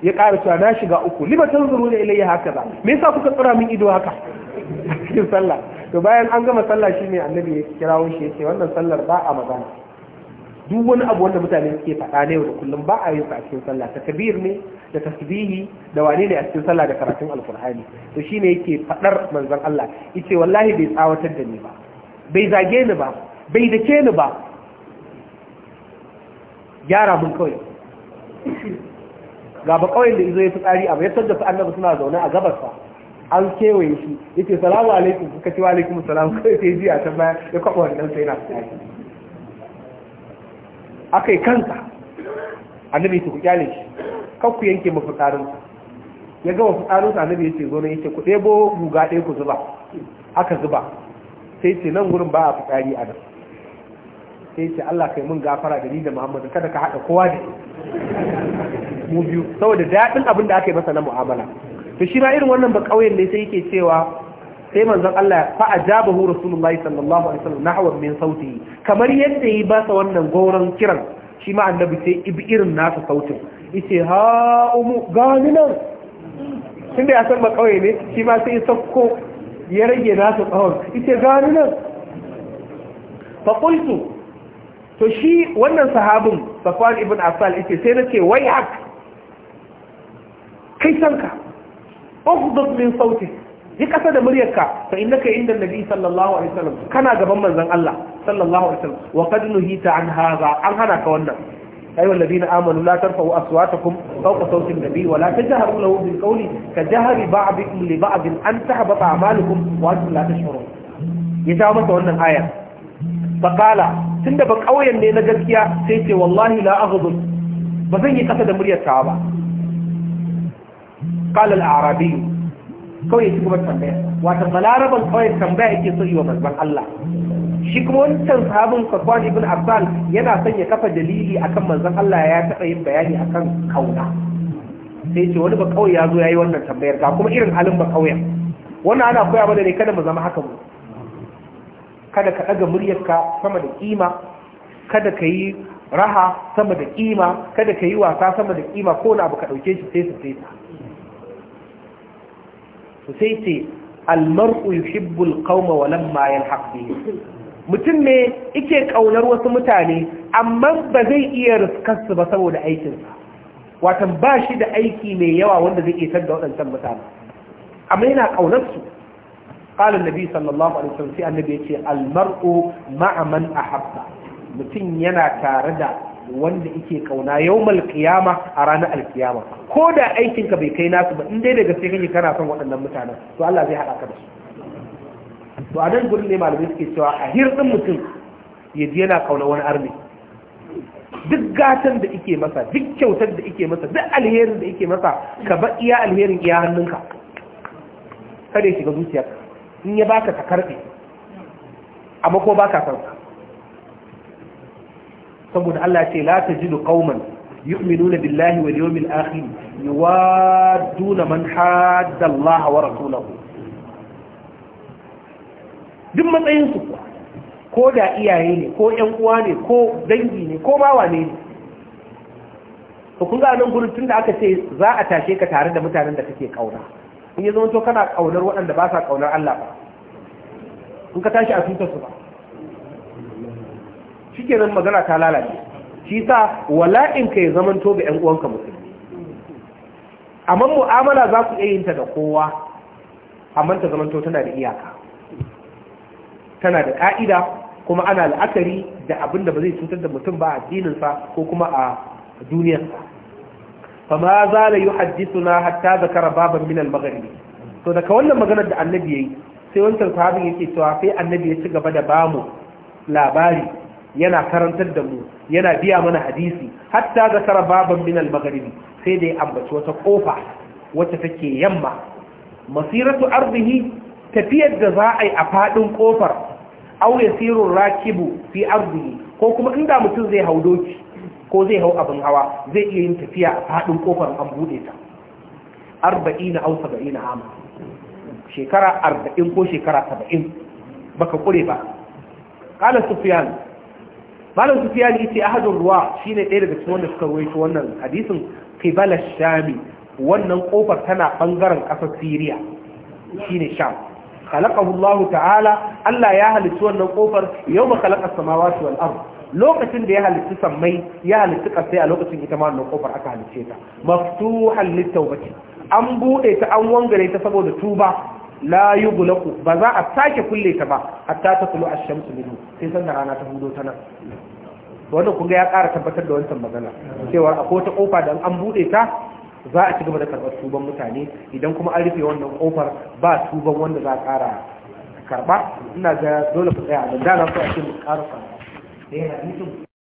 ya ƙara cewa na shiga uku libatan zuru da ilayya haka ba me yasa kuka tsara min ido haka cikin sallah to bayan an gama sallah shi ne annabi ya kira shi ya ce wannan sallar ba a magana duk wani abu wanda mutane suke faɗa na yau da kullum ba a yin sa a cikin sallah kabir ne da tasbihi da wane ne a cikin sallah da karatun alkur'ani to shi ne yake faɗar manzon Allah yace wallahi bai tsawatar da ni ba bai zage ni ba bai dake ni ba gyara mun kawai ga ba kawai da izo ya fi tsari abu ya da su annabi suna zaune a gabarsa an kewaye shi ce salamu alaikum kuka ce wa alaikum salamu kawai sai jiya ta baya ya kwaɓa wannan sai na tsari aka yi kanta annabi su ku kyale shi kan ku yanke mafi tsarinsa ya gama fitsarinsa annabi ya ce zo ne yake ku ɗebo guga ɗaya ku zuba aka zuba sai ce nan gurin ba a fitsari a nan sai ce Allah kai mun gafara da ni da Muhammadu kada ka haɗa kowa da mu biyu saboda daɗin abin da aka yi masa na mu'amala to shi ma irin wannan ba ƙauyen ne sai yake cewa sai manzon Allah fa ajabahu rasulullahi sallallahu alaihi wasallam nahwa min sautihi kamar yadda yi ba sa wannan goron kiran shi ma annabi sai ibi irin nasa sautin yace ha umu gani nan tunda ya san ba ƙauye ne shi ma sai sauko ya rage nasa tsawon yace gani nan fa qultu to shi wannan sahabin safwan ibn asal yake sai na ce wai hak kai sanka ukhdud min sautik yi kasa da muryarka fa innaka inda nabi sallallahu alaihi wasallam kana gaban manzon Allah sallallahu alaihi wasallam wa qad nuhita an hadha an hana ka wannan ayu alladhina amanu la tarfa'u aswatakum fawqa sawti an-nabi wa la tajharu lahu bil qawli kajahri ba'dikum li ba'd an tahbata a'malukum wa antum la tash'urun ya jawo masa wannan aya fa qala tunda ba kauyen ne na gaskiya sai ce wallahi la aghdhu ba zan yi kasa da muryar ta ba qala al-arabi kauye shi kuma tambaya wata balaraban kauyen tambaya yake so yi wa manzon Allah shi kuma wancan sahabin Safwan ibn Affan yana sanya kafa dalili akan manzon Allah ya taɓa yin bayani akan kauna sai ce wani ba kauye ya zo yayi wannan tambayar ga kuma irin halin ba kauyen wannan ana koya mana ne kada mu zama haka mu kada ka ɗaga muryarka sama da kima kada ka yi raha sama da kima kada ka yi wasa sama da kima ko na abu ka ɗauke shi sai su sai su sai ce almar'u yuhibbul qauma wa lamma yalhaq mutum ne ike ƙaunar wasu mutane amma ba zai iya riskarsu ba saboda aikinsa watan ba shi da aiki mai yawa wanda zai isar da waɗancan mutane amma yana su. قال النبي صلى الله عليه وسلم في النبي يتي المرء مع من أحب yana tare da wanda yake kauna yau qiyama a ranar alkiyama ko da aikinka bai kai nasu ba in dai daga sai kake kana son waɗannan mutanen to Allah zai haɗa ka da su to a nan gurin ne malamai suke cewa a hirɗin mutum ya ji yana kauna wani arni duk gatan da ike masa duk kyautar da ike masa duk alherin da ike masa ka ba iya alherin iya hannunka kada ya shiga zuciyarka in ya baka ta karbe amma ko baka san sa saboda Allah ce la tajidu qauman yu'minuna billahi wal yawmil akhir yuwadduna man hadda Allah wa rasulahu duk matsayin su kuwa ko da iyaye ne ko ƴan uwa ne ko dangi ne ko bawa ne to kun ga nan gurin tunda aka ce za a tashe ka tare da mutanen da kake kauna in ya zama to kana kaunar waɗanda ba sa kaunar Allah ba in ka tashi a tutar su ba shikenan magana ta lalace shi sa wala'in ka ya zamanto ga 'yan uwanka musulmi amma mu'amala za ku iya yin ta da kowa amma ta zamanto tana da iyaka tana da ka'ida kuma ana la'akari da abin da ba zai cutar da mutum ba a sa ko kuma a duniyarsa fama za la yi suna hatta zakara baban minal magani to daga wannan maganar da annabi yi. sai wancan sahabin yake cewa sai annabi ya ci gaba da bamu labari yana karantar da mu yana biya mana hadisi hatta ga sara baban min al-maghribi sai dai ya ambaci wata kofa wacce take yamma masiratu ardihi tafiyar da za a yi a fadin kofar aw yasiru rakibu fi ardihi ko kuma inda mutum zai hau doki ko zai hau abin hawa zai iya yin tafiya a fadin kofar an bude ta 40 aw 70 ama shekara arba'in ko shekara saba'in baka kure ba kala sufiyan malam sufiyan a hajjin ruwa shine ɗaya daga cikin wanda suka shi wannan hadisin qibala shami wannan kofar tana ɓangaren ƙasar siriya ne sham khalaqahu Allah ta'ala Allah ya halitta wannan kofar yawma khalaqa samawati su ard lokacin da ya halitta sammai ya halitta kasai a lokacin ita ma wannan kofar aka halice ta maftuhan bace. an buɗe ta an wangare ta saboda tuba la yughlaqu ba za a sake kulle ta ba hatta ta kulu ash-shamsu minhu sai sanda rana ta hudo ta nan wannan kun ga ya kara tabbatar da wancan magana cewa a kota kofa da an bude ta za a ci gaba da karbar tuban mutane idan kuma an rufe wannan kofar ba tuban wanda za a kara karba ina ga dole ku tsaya a dandana ku a cikin mu mutum